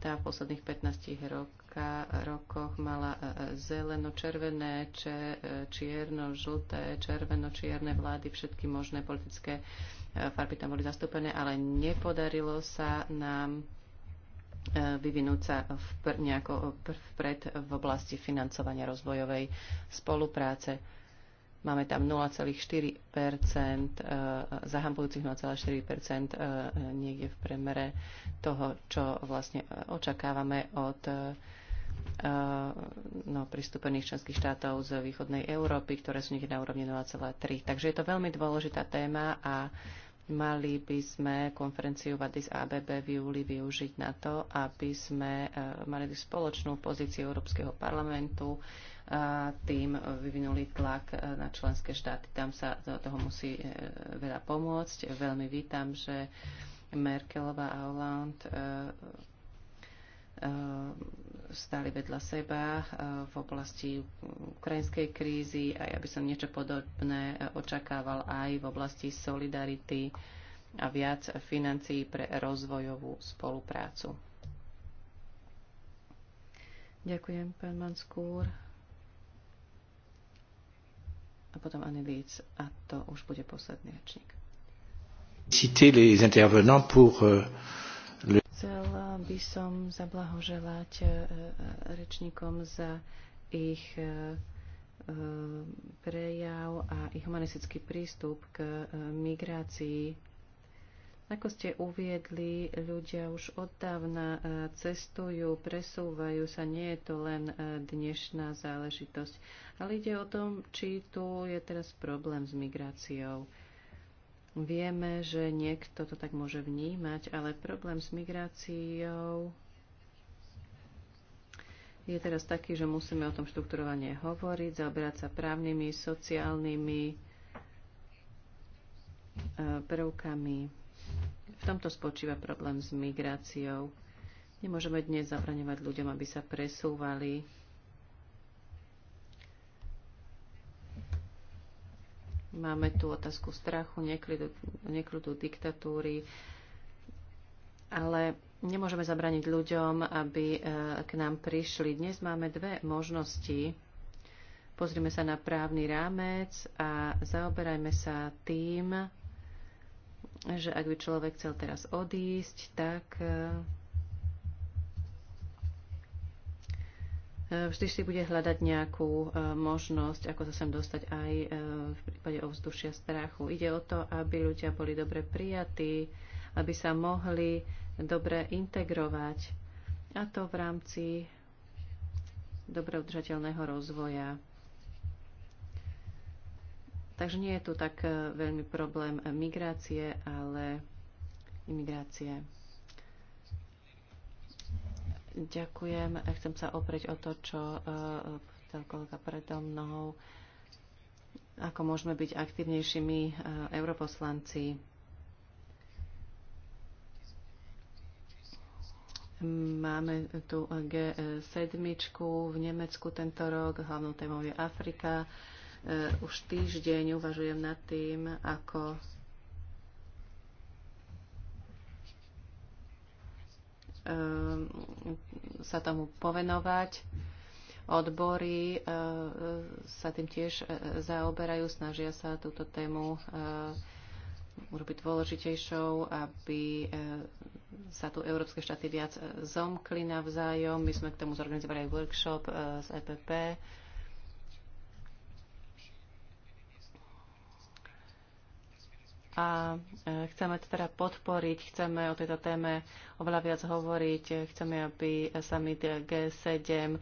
Tá v posledných 15 rokoch Afrika rokoch mala e, e, zeleno-červené, e, čierno-žlté, červeno-čierne vlády, všetky možné politické farby tam boli zastúpené, ale nepodarilo sa nám vyvinúť sa nejako vpred v oblasti financovania rozvojovej spolupráce. Máme tam 0,4 zahambujúcich 0,4 niekde v premere toho, čo vlastne očakávame od Eh, no, pristúpených členských štátov z východnej Európy, ktoré sú niekde na úrovni 0,3. Takže je to veľmi dôležitá téma a mali by sme konferenciu VADIS ABB v júli využiť na to, aby sme eh, mali spoločnú pozíciu Európskeho parlamentu a tým vyvinuli tlak eh, na členské štáty. Tam sa do toho musí veľa pomôcť. Veľmi vítam, že Merkelová a Hollande Eh, stáli vedľa seba eh, v oblasti ukrajinskej krízy a ja by som niečo podobné eh, očakával aj v oblasti solidarity a viac financií pre rozvojovú spoluprácu. Ďakujem, pán Manskúr. A potom Anny Líc. A to už bude posledný rečník. Citer les intervenants pour euh, Chcela by som zablahoželať e, e, rečníkom za ich e, prejav a ich humanistický prístup k migrácii. Ako ste uviedli, ľudia už od dávna cestujú, presúvajú sa, nie je to len dnešná záležitosť, ale ide o tom, či tu je teraz problém s migráciou. Vieme, že niekto to tak môže vnímať, ale problém s migráciou je teraz taký, že musíme o tom štrukturovanie hovoriť, zaoberať sa právnymi, sociálnymi e, prvkami. V tomto spočíva problém s migráciou. Nemôžeme dnes zabraňovať ľuďom, aby sa presúvali Máme tu otázku strachu, nekrutú diktatúry, ale nemôžeme zabraniť ľuďom, aby e, k nám prišli. Dnes máme dve možnosti. Pozrime sa na právny rámec a zaoberajme sa tým, že ak by človek chcel teraz odísť, tak e, Eh, vždy si bude hľadať nejakú eh, možnosť, ako sa sem dostať aj eh, v prípade ovzdušia strachu. Ide o to, aby ľudia boli dobre prijatí, aby sa mohli dobre integrovať a to v rámci dobre udržateľného rozvoja. Takže nie je tu tak veľmi problém migrácie, ale imigrácie. Ďakujem. Chcem sa oprieť o to, čo povedal kolega predo mnou. Ako môžeme byť aktívnejšími e, europoslanci? Máme tu G7 v Nemecku tento rok, hlavnou témou je Afrika. E, už týždeň uvažujem nad tým, ako Ehm, sa tomu povenovať. Odbory ehm, sa tým tiež e, zaoberajú, snažia sa túto tému ehm, urobiť dôležitejšou, aby sa tu európske štáty viac e, zomkli navzájom. My sme k tomu zorganizovali aj workshop e, z EPP a e, chceme to teda podporiť, chceme o tejto téme oveľa viac hovoriť, chceme, aby summit G7 e,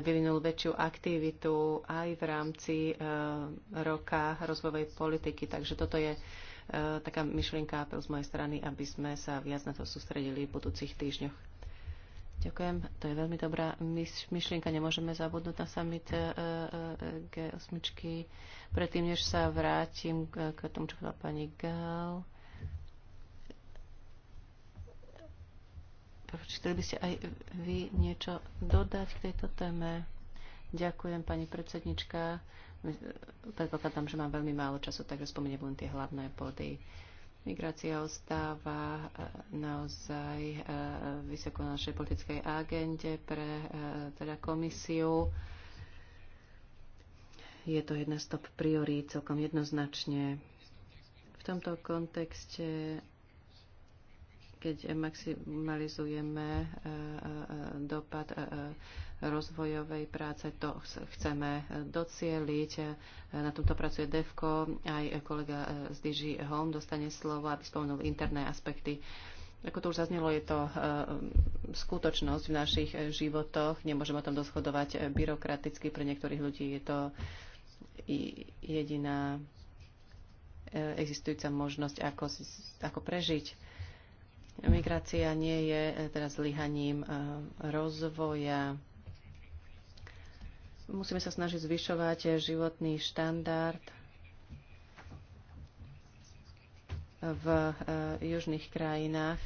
vyvinul väčšiu aktivitu aj v rámci e, roka rozvojovej politiky. Takže toto je taká myšlienka apel z mojej strany, aby sme sa viac na to sústredili v budúcich týždňoch. Ďakujem, to je veľmi dobrá myšlienka. Nemôžeme zabudnúť na summit e, e, e, G8. Predtým, než sa vrátim k tomu, čo povedala pani Gál. Chceli by ste aj vy niečo dodať k tejto téme? Ďakujem, pani predsednička. Predpokladám, že mám veľmi málo času, takže spomeniem len tie hlavné body. Migrácia ostáva e, naozaj e, vysoko na našej politickej agende pre e, teda komisiu. Je to jedna z top priorít celkom jednoznačne. V tomto kontexte keď maximalizujeme dopad rozvojovej práce. To chceme docieliť. Na tomto pracuje DEVKO. Aj kolega e, z DG Home dostane slovo, aby spomenul interné aspekty. Ako to už zaznelo, je to e, skutočnosť v našich e, životoch. Nemôžeme o tom doschodovať byrokraticky. Pre niektorých ľudí je to jediná existujúca možnosť, ako, ako prežiť. Migrácia nie je teda zlyhaním rozvoja. Musíme sa snažiť zvyšovať životný štandard v e, južných krajinách.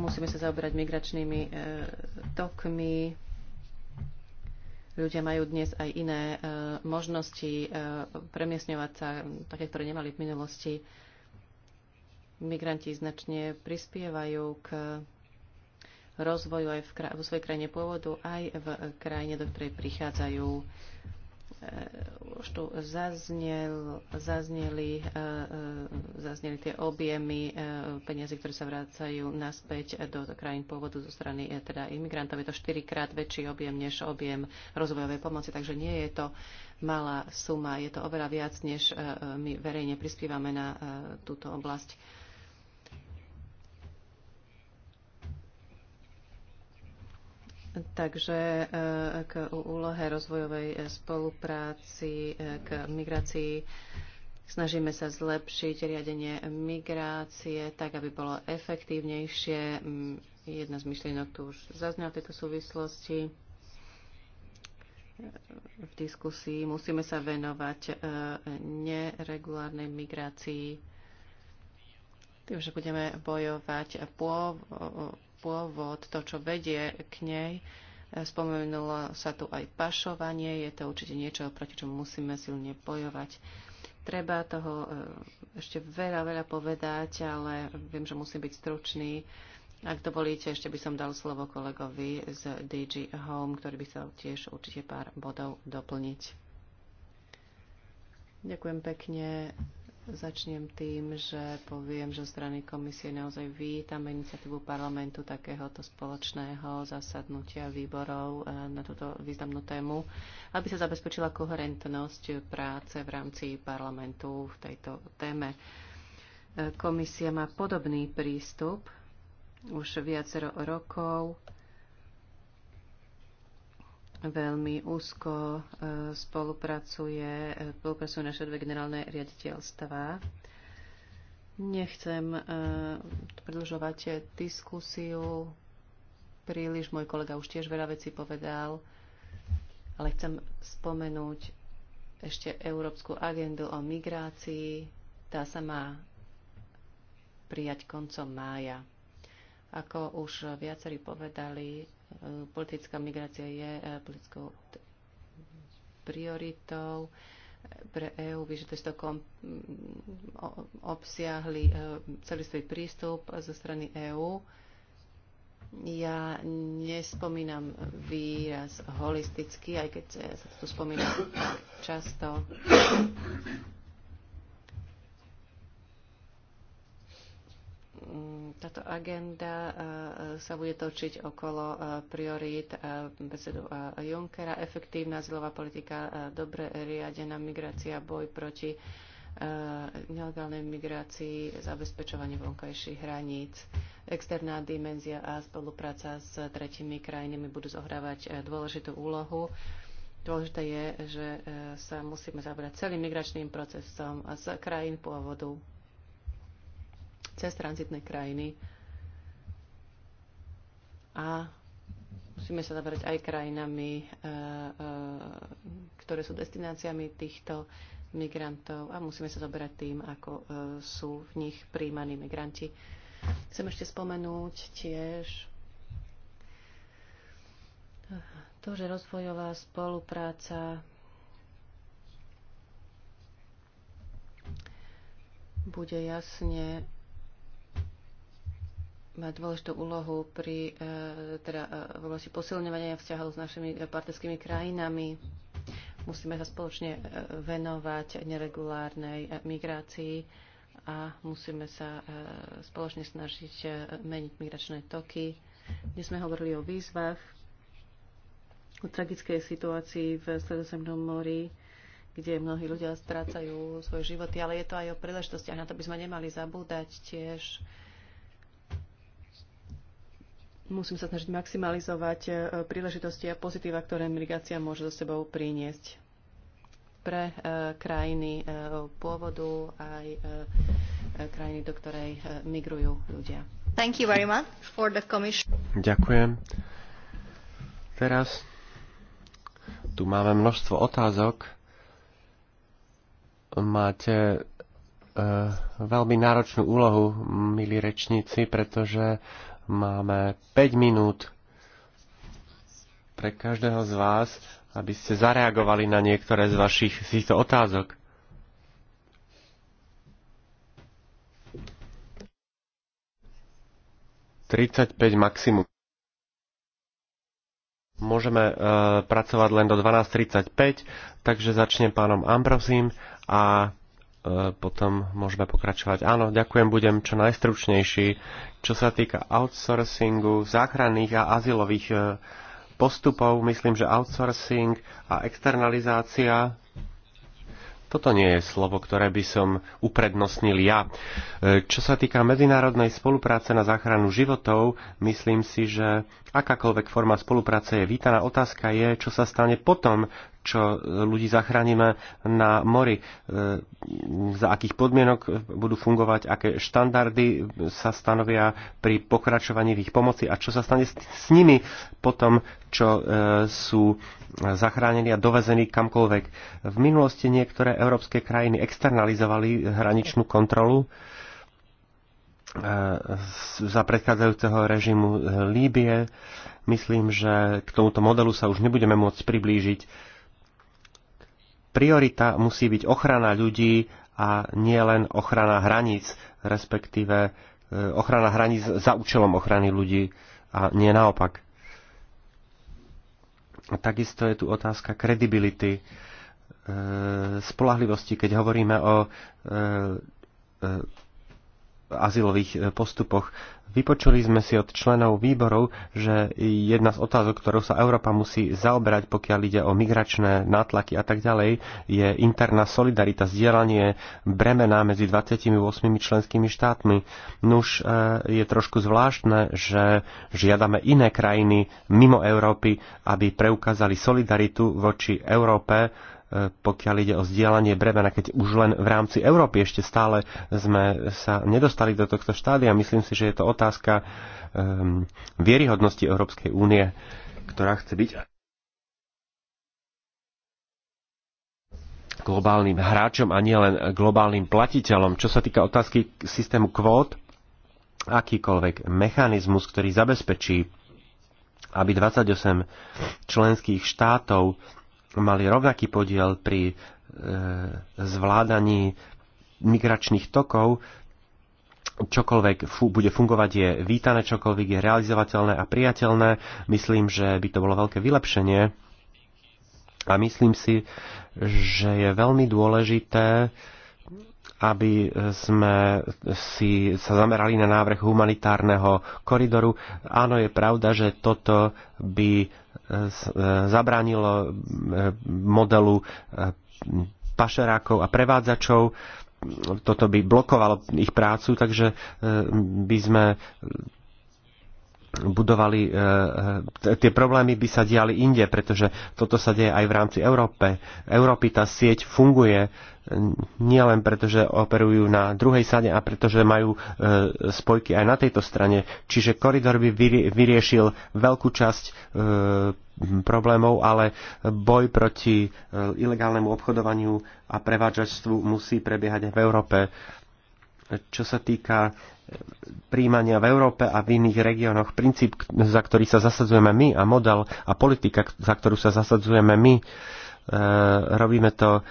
Musíme sa zaoberať migračnými e, tokmi. Ľudia majú dnes aj iné e, možnosti premiesňovať sa, také, ktoré nemali v minulosti. Migranti značne prispievajú k rozvoju aj v, vo svojej krajine pôvodu, aj v krajine, do ktorej prichádzajú. Eh, už tu zaznel, zazneli, eh, eh, zazneli tie objemy peniazy, ktoré sa vracajú naspäť do krajín pôvodu zo strany teda imigrantov. Je to štyrikrát väčší objem než objem rozvojovej pomoci, takže nie je to malá suma, je to oveľa viac, než my verejne prispívame na túto oblasť. Takže eh, k úlohe rozvojovej eh, spolupráci, eh, k migrácii snažíme sa zlepšiť riadenie migrácie tak, aby bolo efektívnejšie. Mm, jedna z myšlienok tu už zaznela v tejto súvislosti v diskusii. Musíme sa venovať neregulárnej migrácii tým, že budeme bojovať pôvod, to, čo vedie k nej. Spomenulo sa tu aj pašovanie, je to určite niečo, proti čomu musíme silne bojovať. Treba toho e, ešte veľa, veľa povedať, ale viem, že musím byť stručný. Ak dovolíte, ešte by som dal slovo kolegovi z DG Home, ktorý by chcel tiež určite pár bodov doplniť. Ďakujem pekne. Začnem tým, že poviem, že strany komisie naozaj vítame iniciatívu parlamentu takéhoto spoločného zasadnutia výborov eh, na túto významnú tému, aby sa zabezpečila koherentnosť práce v rámci parlamentu v tejto téme. Eh, komisia má podobný prístup už viacero rokov veľmi úzko e, spolupracuje, e, spolupracujú naše dve generálne riaditeľstva. Nechcem e, predlžovať diskusiu príliš, môj kolega už tiež veľa vecí povedal, ale chcem spomenúť ešte Európsku agendu o migrácii. Tá sa má prijať koncom mája. Ako už viacerí povedali, politická migrácia je e, politickou prioritou pre EÚ, vyžaduje si to obsiahli e, svoj prístup zo strany EÚ. Ja nespomínam výraz holisticky, aj keď sa to tu spomína často. Mm, táto agenda eh, sa bude točiť okolo eh, priorít eh, predsedu Junckera, efektívna zilová politika, dobre riadená migrácia, boj proti nelegálnej migrácii, zabezpečovanie vonkajších hraníc, externá dimenzia a spolupráca s tretimi krajinami budú zohrávať dôležitú úlohu. Dôležité je, že sa musíme zabrať celým migračným procesom z krajín pôvodu cez tranzitné krajiny. A musíme sa zaberať aj krajinami, e, e, ktoré sú destináciami týchto migrantov a musíme sa zoberať tým, ako e, sú v nich príjmaní migranti. Chcem ešte spomenúť tiež to, že rozvojová spolupráca bude jasne má dôležitú úlohu pri, e, teda, e, v oblasti posilňovania vzťahov s našimi partnerskými krajinami. Musíme sa spoločne e, venovať neregulárnej migrácii a musíme sa spoločne snažiť meniť migračné toky. Dnes sme hovorili o výzvach, o tragickej situácii v Stredozemnom mori, kde mnohí ľudia strácajú svoje životy, ale je to aj o príležitostiach. Na to by sme nemali zabúdať tiež Musím sa snažiť maximalizovať e, príležitosti a pozitíva, ktoré migrácia môže so sebou priniesť pre e, krajiny e, pôvodu aj krajiny, do ktorej migrujú ľudia. Thank you very much for the commission. Ďakujem. Teraz tu máme množstvo otázok. Máte veľmi náročnú úlohu, milí rečníci, pretože Máme 5 minút pre každého z vás, aby ste zareagovali na niektoré z vašich týchto otázok. Tridsaťpäť maximum. Môžeme e, pracovať len do 12.35, takže začnem pánom Ambrosím a E, potom môžeme pokračovať. Áno, ďakujem, budem čo najstručnejší. Čo sa týka outsourcingu, záchranných a azylových e, postupov, myslím, že outsourcing a externalizácia, toto nie je slovo, ktoré by som uprednostnil ja. E, čo sa týka medzinárodnej spolupráce na záchranu životov, myslím si, že Akákoľvek forma spolupráce je vítaná. Otázka je, čo sa stane potom, čo e, ľudí zachránime na mori, e, za akých podmienok budú fungovať, aké štandardy sa stanovia pri pokračovaní v ich pomoci a čo sa stane s nimi potom, čo e, sú zachránení a dovezení kamkoľvek. V minulosti niektoré európske krajiny externalizovali hraničnú kontrolu E, za predchádzajúceho režimu Líbie. Myslím, že k tomuto modelu sa už nebudeme môcť priblížiť. Priorita musí byť ochrana ľudí a nie len ochrana hraníc, respektíve e, ochrana hraníc za účelom ochrany ľudí a nie naopak. Takisto je tu otázka kredibility, e, spolahlivosti, keď hovoríme o azylových e, postupoch. Vypočuli sme si od členov výborov, že jedna z otázok, ktorou sa Európa musí zaoberať, pokiaľ ide o migračné nátlaky a tak ďalej, je interná solidarita, zdieľanie bremená medzi 28 členskými štátmi. Nuž e, je trošku zvláštne, že žiadame iné krajiny mimo Európy, aby preukázali solidaritu voči Európe, pokiaľ ide o vzdielanie bremena, keď už len v rámci Európy ešte stále sme sa nedostali do tohto štádia. Myslím si, že je to otázka um, vieryhodnosti Európskej únie, ktorá chce byť globálnym hráčom a nielen globálnym platiteľom. Čo sa týka otázky systému kvót, akýkoľvek mechanizmus, ktorý zabezpečí, aby 28 členských štátov mali rovnaký podiel pri e, zvládaní migračných tokov, čokoľvek fu- bude fungovať je vítané, čokoľvek je realizovateľné a priateľné. Myslím, že by to bolo veľké vylepšenie a myslím si, že je veľmi dôležité, aby sme si sa zamerali na návrh humanitárneho koridoru. Áno, je pravda, že toto by E, zabránilo e, modelu e, pašerákov a prevádzačov. Toto by blokovalo ich prácu, takže by sme budovali, eh, eh, tie problémy by sa diali inde, pretože toto sa deje aj v rámci Európe. Európy tá sieť funguje eh, nielen preto, že operujú na druhej sade, a pretože majú spojky aj na tejto strane. Čiže koridor by vyriešil veľkú časť problémov, ale boj proti ilegálnemu obchodovaniu a prevádzačstvu musí prebiehať aj v Európe. Čo sa týka príjmania v Európe a v iných regiónoch. Princíp, za ktorý sa zasadzujeme my a model a politika, za ktorú sa zasadzujeme my, e, robíme to e,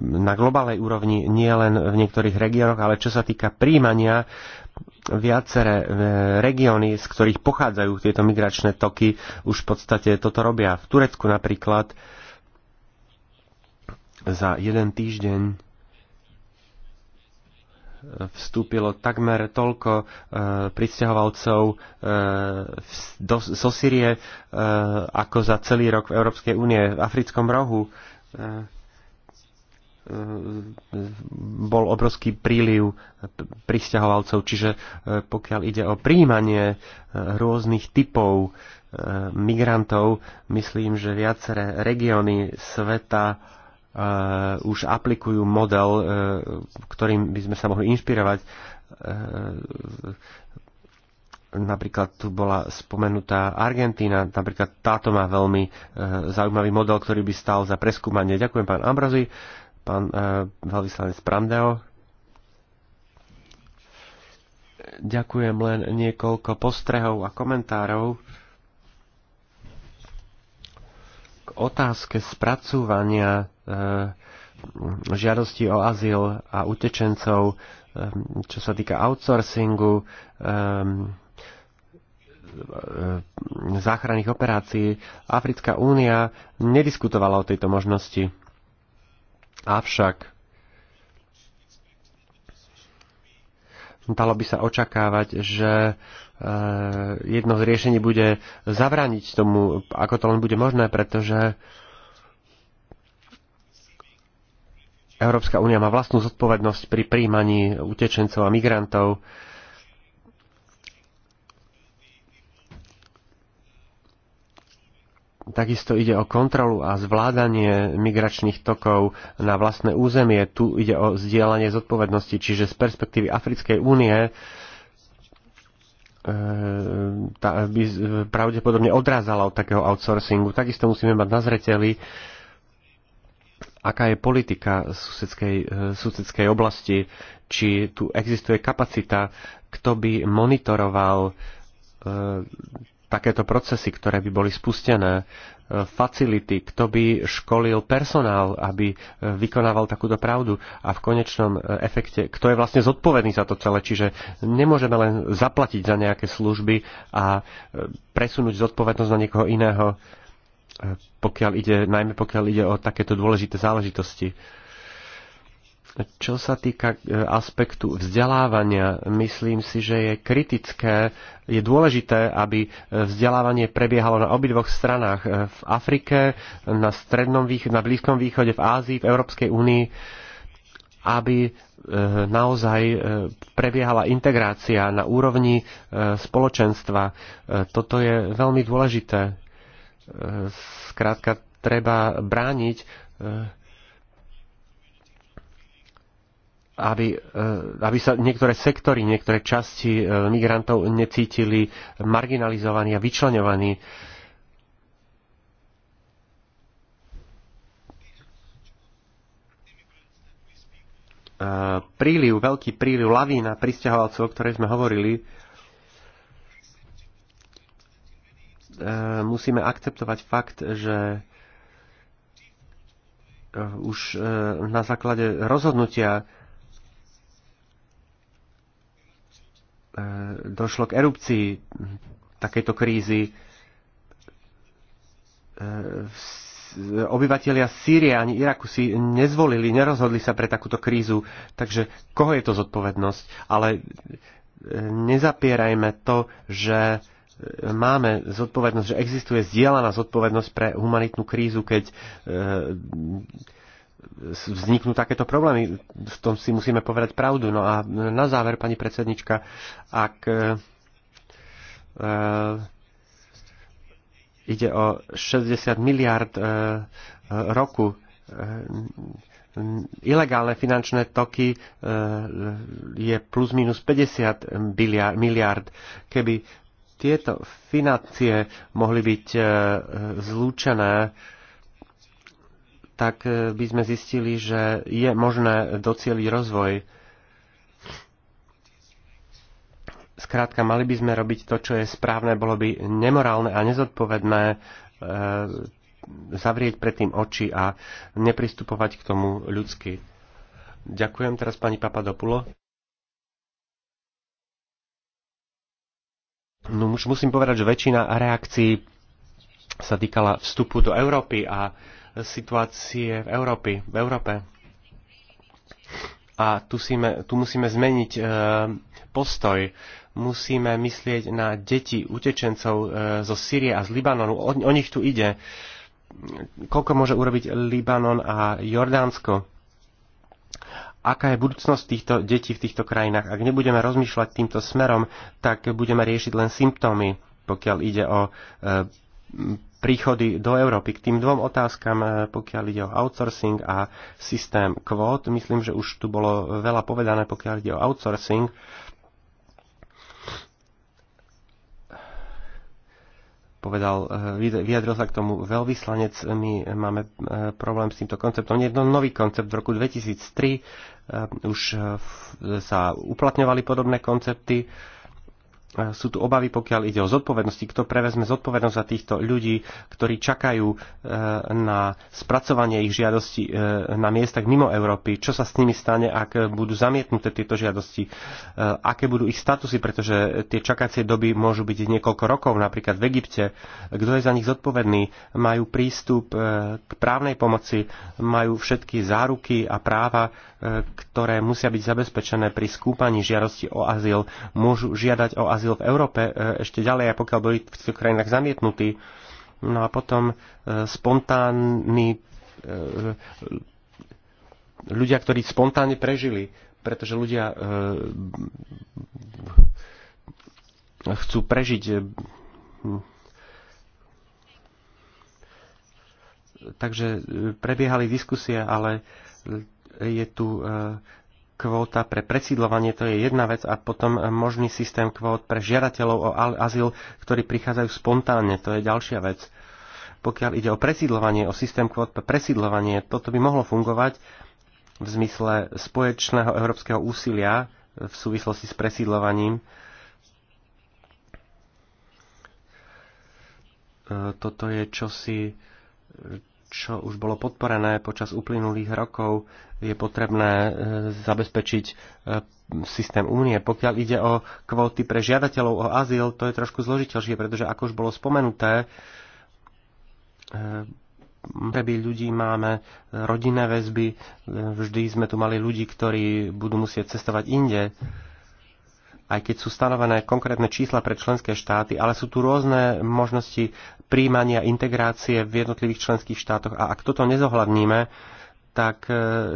na globálnej úrovni, nie len v niektorých regiónoch, ale čo sa týka príjmania, viaceré e, regióny, z ktorých pochádzajú tieto migračné toky, už v podstate toto robia. V Turecku napríklad za jeden týždeň vstúpilo takmer toľko e, pristahovalcov e, zo Syrie e, ako za celý rok v Európskej únie. V Africkom rohu bol obrovský príliv pristahovalcov, čiže pokiaľ ide o príjmanie rôznych typov migrantov, myslím, že viaceré regióny sveta Eh, už aplikujú model, eh, ktorým by sme sa mohli inšpirovať. Eh, napríklad tu bola spomenutá Argentína, napríklad táto má veľmi zaujímavý model, ktorý by stal za preskúmanie. Ďakujem pán Ambrozi, pán veľvyslanec Pramdeo. Ďakujem len niekoľko postrehov a komentárov k otázke spracúvania Eh, žiadosti o azyl a utečencov, eh, čo sa týka outsourcingu, eh, záchranných operácií. Africká únia nediskutovala o tejto možnosti. Avšak dalo by sa očakávať, že jedno z riešení bude zabrániť tomu, ako to len bude možné, pretože Európska únia má vlastnú zodpovednosť pri príjmaní utečencov a migrantov. Takisto ide o kontrolu a zvládanie migračných tokov na vlastné územie. Tu ide o zdieľanie zodpovednosti, čiže z perspektívy Africkej únie e, tá by pravdepodobne odrázala od takého outsourcingu. Takisto musíme mať na zreteli, aká je politika susedskej, eh, susedskej oblasti, či tu existuje kapacita, kto by monitoroval e, takéto procesy, ktoré by boli spustené, e, facility, kto by školil personál, aby vykonával takúto pravdu a v konečnom efekte, kto je vlastne zodpovedný za to celé. Čiže nemôžeme len zaplatiť za nejaké služby a presunúť zodpovednosť na niekoho iného. E, pokiaľ ide, najmä pokiaľ ide o takéto dôležité záležitosti. Čo sa týka e, aspektu vzdelávania, myslím si, že je kritické, je dôležité, aby e, vzdelávanie prebiehalo na obidvoch stranách. E, v Afrike, na, strednom, na Blízkom východe, v Ázii, v Európskej únii, aby naozaj prebiehala integrácia na úrovni spoločenstva. Toto je veľmi dôležité Zkrátka treba brániť, eh, aby, eh, aby sa niektoré sektory, niektoré časti eh, migrantov necítili marginalizovaní a vyčlenovaní. príliv, veľký príliv, lavína pristahovalcov, o ktorej sme hovorili, E, musíme akceptovať fakt, že e, už e, na základe rozhodnutia došlo k erupcii takejto krízy. Obyvatelia Sýrie ani Iraku si nezvolili, nerozhodli sa pre takúto krízu, takže koho je to zodpovednosť? Ale nezapierajme to, že máme zodpovednosť, že existuje zdieľaná zodpovednosť pre humanitnú krízu, keď e, vzniknú takéto problémy. V tom si musíme povedať pravdu. No a na záver, pani predsednička, ak e, e, ide o 60 miliard roku, ilegálne finančné toky je plus minus 50 miliard. Keby tieto financie mohli byť e, zlúčené, tak e, by sme zistili, že je možné docieliť rozvoj. Skrátka, mali by sme robiť to, čo je správne, bolo by nemorálne a nezodpovedné e, zavrieť predtým oči a nepristupovať k tomu ľudsky. Ďakujem teraz pani Papadopulo. No už musím povedať, že väčšina reakcií sa týkala vstupu do Európy a situácie v, Európy, v Európe. A tu, síme, tu musíme zmeniť e, postoj. Musíme myslieť na deti utečencov e, zo Sýrie a z Libanonu. O, o nich tu ide. Koľko môže urobiť Libanon a Jordánsko? aká je budúcnosť týchto detí v týchto krajinách. Ak nebudeme rozmýšľať týmto smerom, tak budeme riešiť len symptómy, pokiaľ ide o e, príchody do Európy. K tým dvom otázkam, e, pokiaľ ide o outsourcing a systém kvót, myslím, že už tu bolo veľa povedané, pokiaľ ide o outsourcing. povedal, eh, vyjadril sa k tomu veľvyslanec, my máme eh, problém s týmto konceptom. Je to nový koncept v roku 2003, eh, už sa uplatňovali podobné koncepty, sú tu obavy, pokiaľ ide o zodpovednosti, kto prevezme zodpovednosť za týchto ľudí, ktorí čakajú e, na spracovanie ich žiadosti e, na miestach mimo Európy, čo sa s nimi stane, ak budú zamietnuté tieto žiadosti, e, aké budú ich statusy, pretože tie čakacie doby môžu byť niekoľko rokov, napríklad v Egypte, kto je za nich zodpovedný, majú prístup k právnej pomoci, majú všetky záruky a práva, ktoré musia byť zabezpečené pri skúpaní žiadosti o azyl, môžu žiadať o azyl azyl v Európe e, ešte ďalej, a pokiaľ boli v týchto krajinách zamietnutí. No a potom e, spontánni e, ľudia, ktorí spontánne prežili, pretože ľudia chcú prežiť takže prebiehali diskusie, ale je tu kvóta pre presídlovanie, to je jedna vec, a potom možný systém kvót pre žiadateľov o azyl, ktorí prichádzajú spontánne, to je ďalšia vec. Pokiaľ ide o presídlovanie, o systém kvót pre presídlovanie, toto by mohlo fungovať v zmysle spoječného európskeho úsilia v súvislosti s presídlovaním. E, toto je čosi, čo už bolo podporené počas uplynulých rokov, je potrebné e, zabezpečiť e, systém únie. Pokiaľ ide o kvóty pre žiadateľov o azyl, to je trošku zložiteľšie, pretože ako už bolo spomenuté, potreby ľudí máme, e, rodinné väzby, vždy sme tu mali ľudí, ktorí budú musieť cestovať inde aj keď sú stanovené konkrétne čísla pre členské štáty, ale sú tu rôzne možnosti príjmania integrácie v jednotlivých členských štátoch a ak toto nezohľadníme, tak e,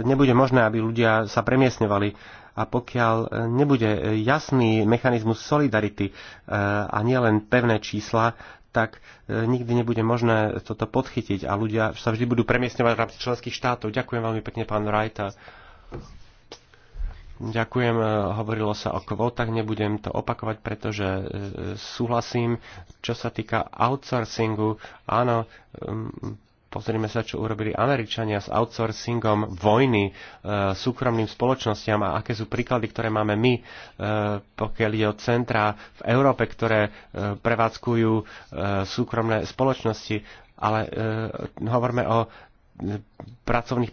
nebude možné, aby ľudia sa premiesňovali. A pokiaľ e, nebude jasný mechanizmus solidarity e, a nielen pevné čísla, tak nikdy nebude možné toto podchytiť a ľudia sa vždy budú premiesňovať v rámci členských štátov. Ďakujem veľmi pekne, pán Rajta. Ďakujem, e, hovorilo sa o kvótach, nebudem to opakovať, pretože e, súhlasím. Čo sa týka outsourcingu, áno, pozrime sa, čo urobili Američania s outsourcingom vojny e, súkromným spoločnostiam a aké sú príklady, ktoré máme my, pokiaľ ide o centra v Európe, ktoré prevádzkujú súkromné spoločnosti ale e, hovoríme o pracovných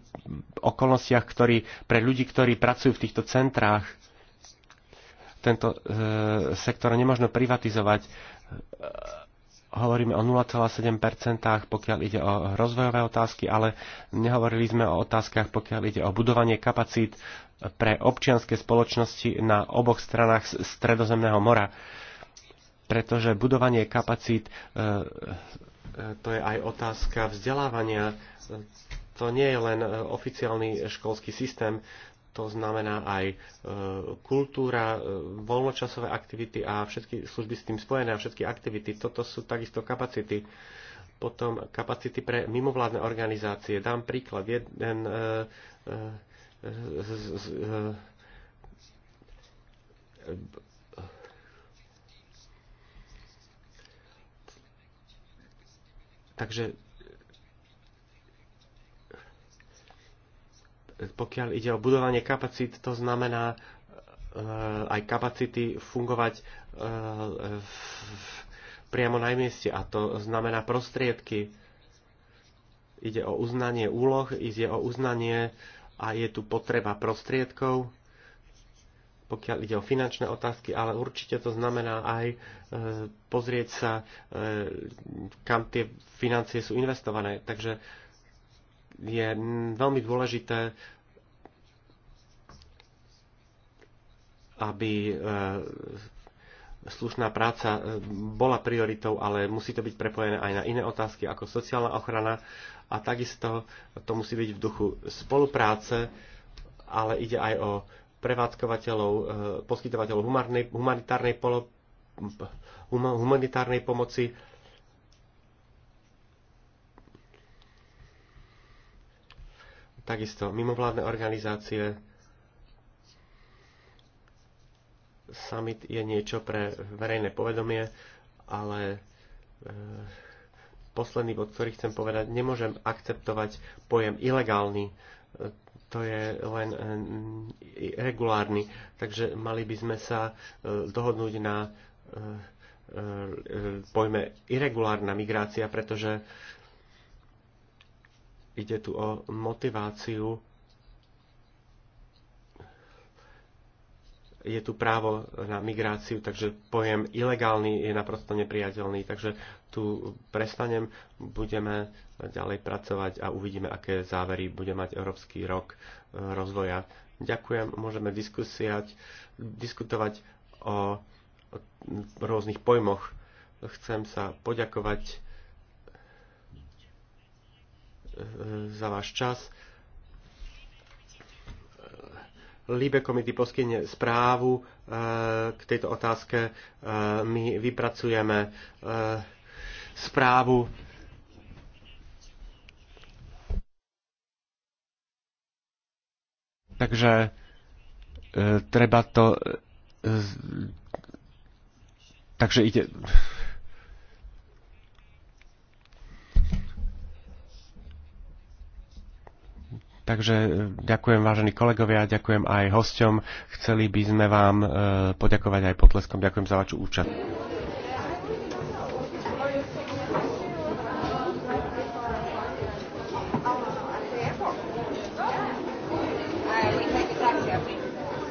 okolnostiach, ktorí, pre ľudí, ktorí pracujú v týchto centrách. Tento e, sektor nemôžno privatizovať. E, hovoríme o 0,7%, pokiaľ ide o rozvojové otázky, ale nehovorili sme o otázkach, pokiaľ ide o budovanie kapacít pre občianske spoločnosti na oboch stranách Stredozemného mora. Pretože budovanie kapacít e, to je aj otázka vzdelávania. To nie je len e, oficiálny školský systém, to znamená aj e, kultúra, e, voľnočasové aktivity a všetky služby s tým spojené a všetky aktivity. Toto sú takisto kapacity. Potom kapacity pre mimovládne organizácie. Dám príklad. Jeden z, z, Takže eh, pokiaľ ide o budovanie kapacít, to znamená eh, aj kapacity fungovať eh, priamo na mieste a to znamená prostriedky. Ide o uznanie úloh, ide o uznanie a je tu potreba prostriedkov pokiaľ ide o finančné otázky, ale určite to znamená aj e, pozrieť sa, e, kam tie financie sú investované. Takže je veľmi dôležité, aby e, slušná práca bola prioritou, ale musí to byť prepojené aj na iné otázky ako sociálna ochrana a takisto to musí byť v duchu spolupráce, ale ide aj o prevádzkovateľov, e, poskytovateľov humanitárnej, humanitárnej, polo, humanitárnej pomoci. Takisto mimovládne organizácie. Summit je niečo pre verejné povedomie, ale e, posledný bod, ktorý chcem povedať, nemôžem akceptovať pojem ilegálny to je len eh, regulárny. Takže mali by sme sa eh, dohodnúť na eh, pojme irregulárna migrácia, pretože ide tu o motiváciu. Je tu právo na migráciu, takže pojem ilegálny je naprosto nepriateľný. Takže tu prestanem, budeme ďalej pracovať a uvidíme, aké závery bude mať Európsky rok e, rozvoja. Ďakujem, môžeme diskutovať o rôznych pojmoch. Chcem sa poďakovať e, za váš čas. Libe komity poskytne správu e, k tejto otázke. My vypracujeme správu. Takže e, treba to... E, takže ide... Takže e, ďakujem vážení kolegovia, ďakujem aj hosťom. Chceli by sme vám e, poďakovať aj potleskom. Ďakujem za vašu účasť.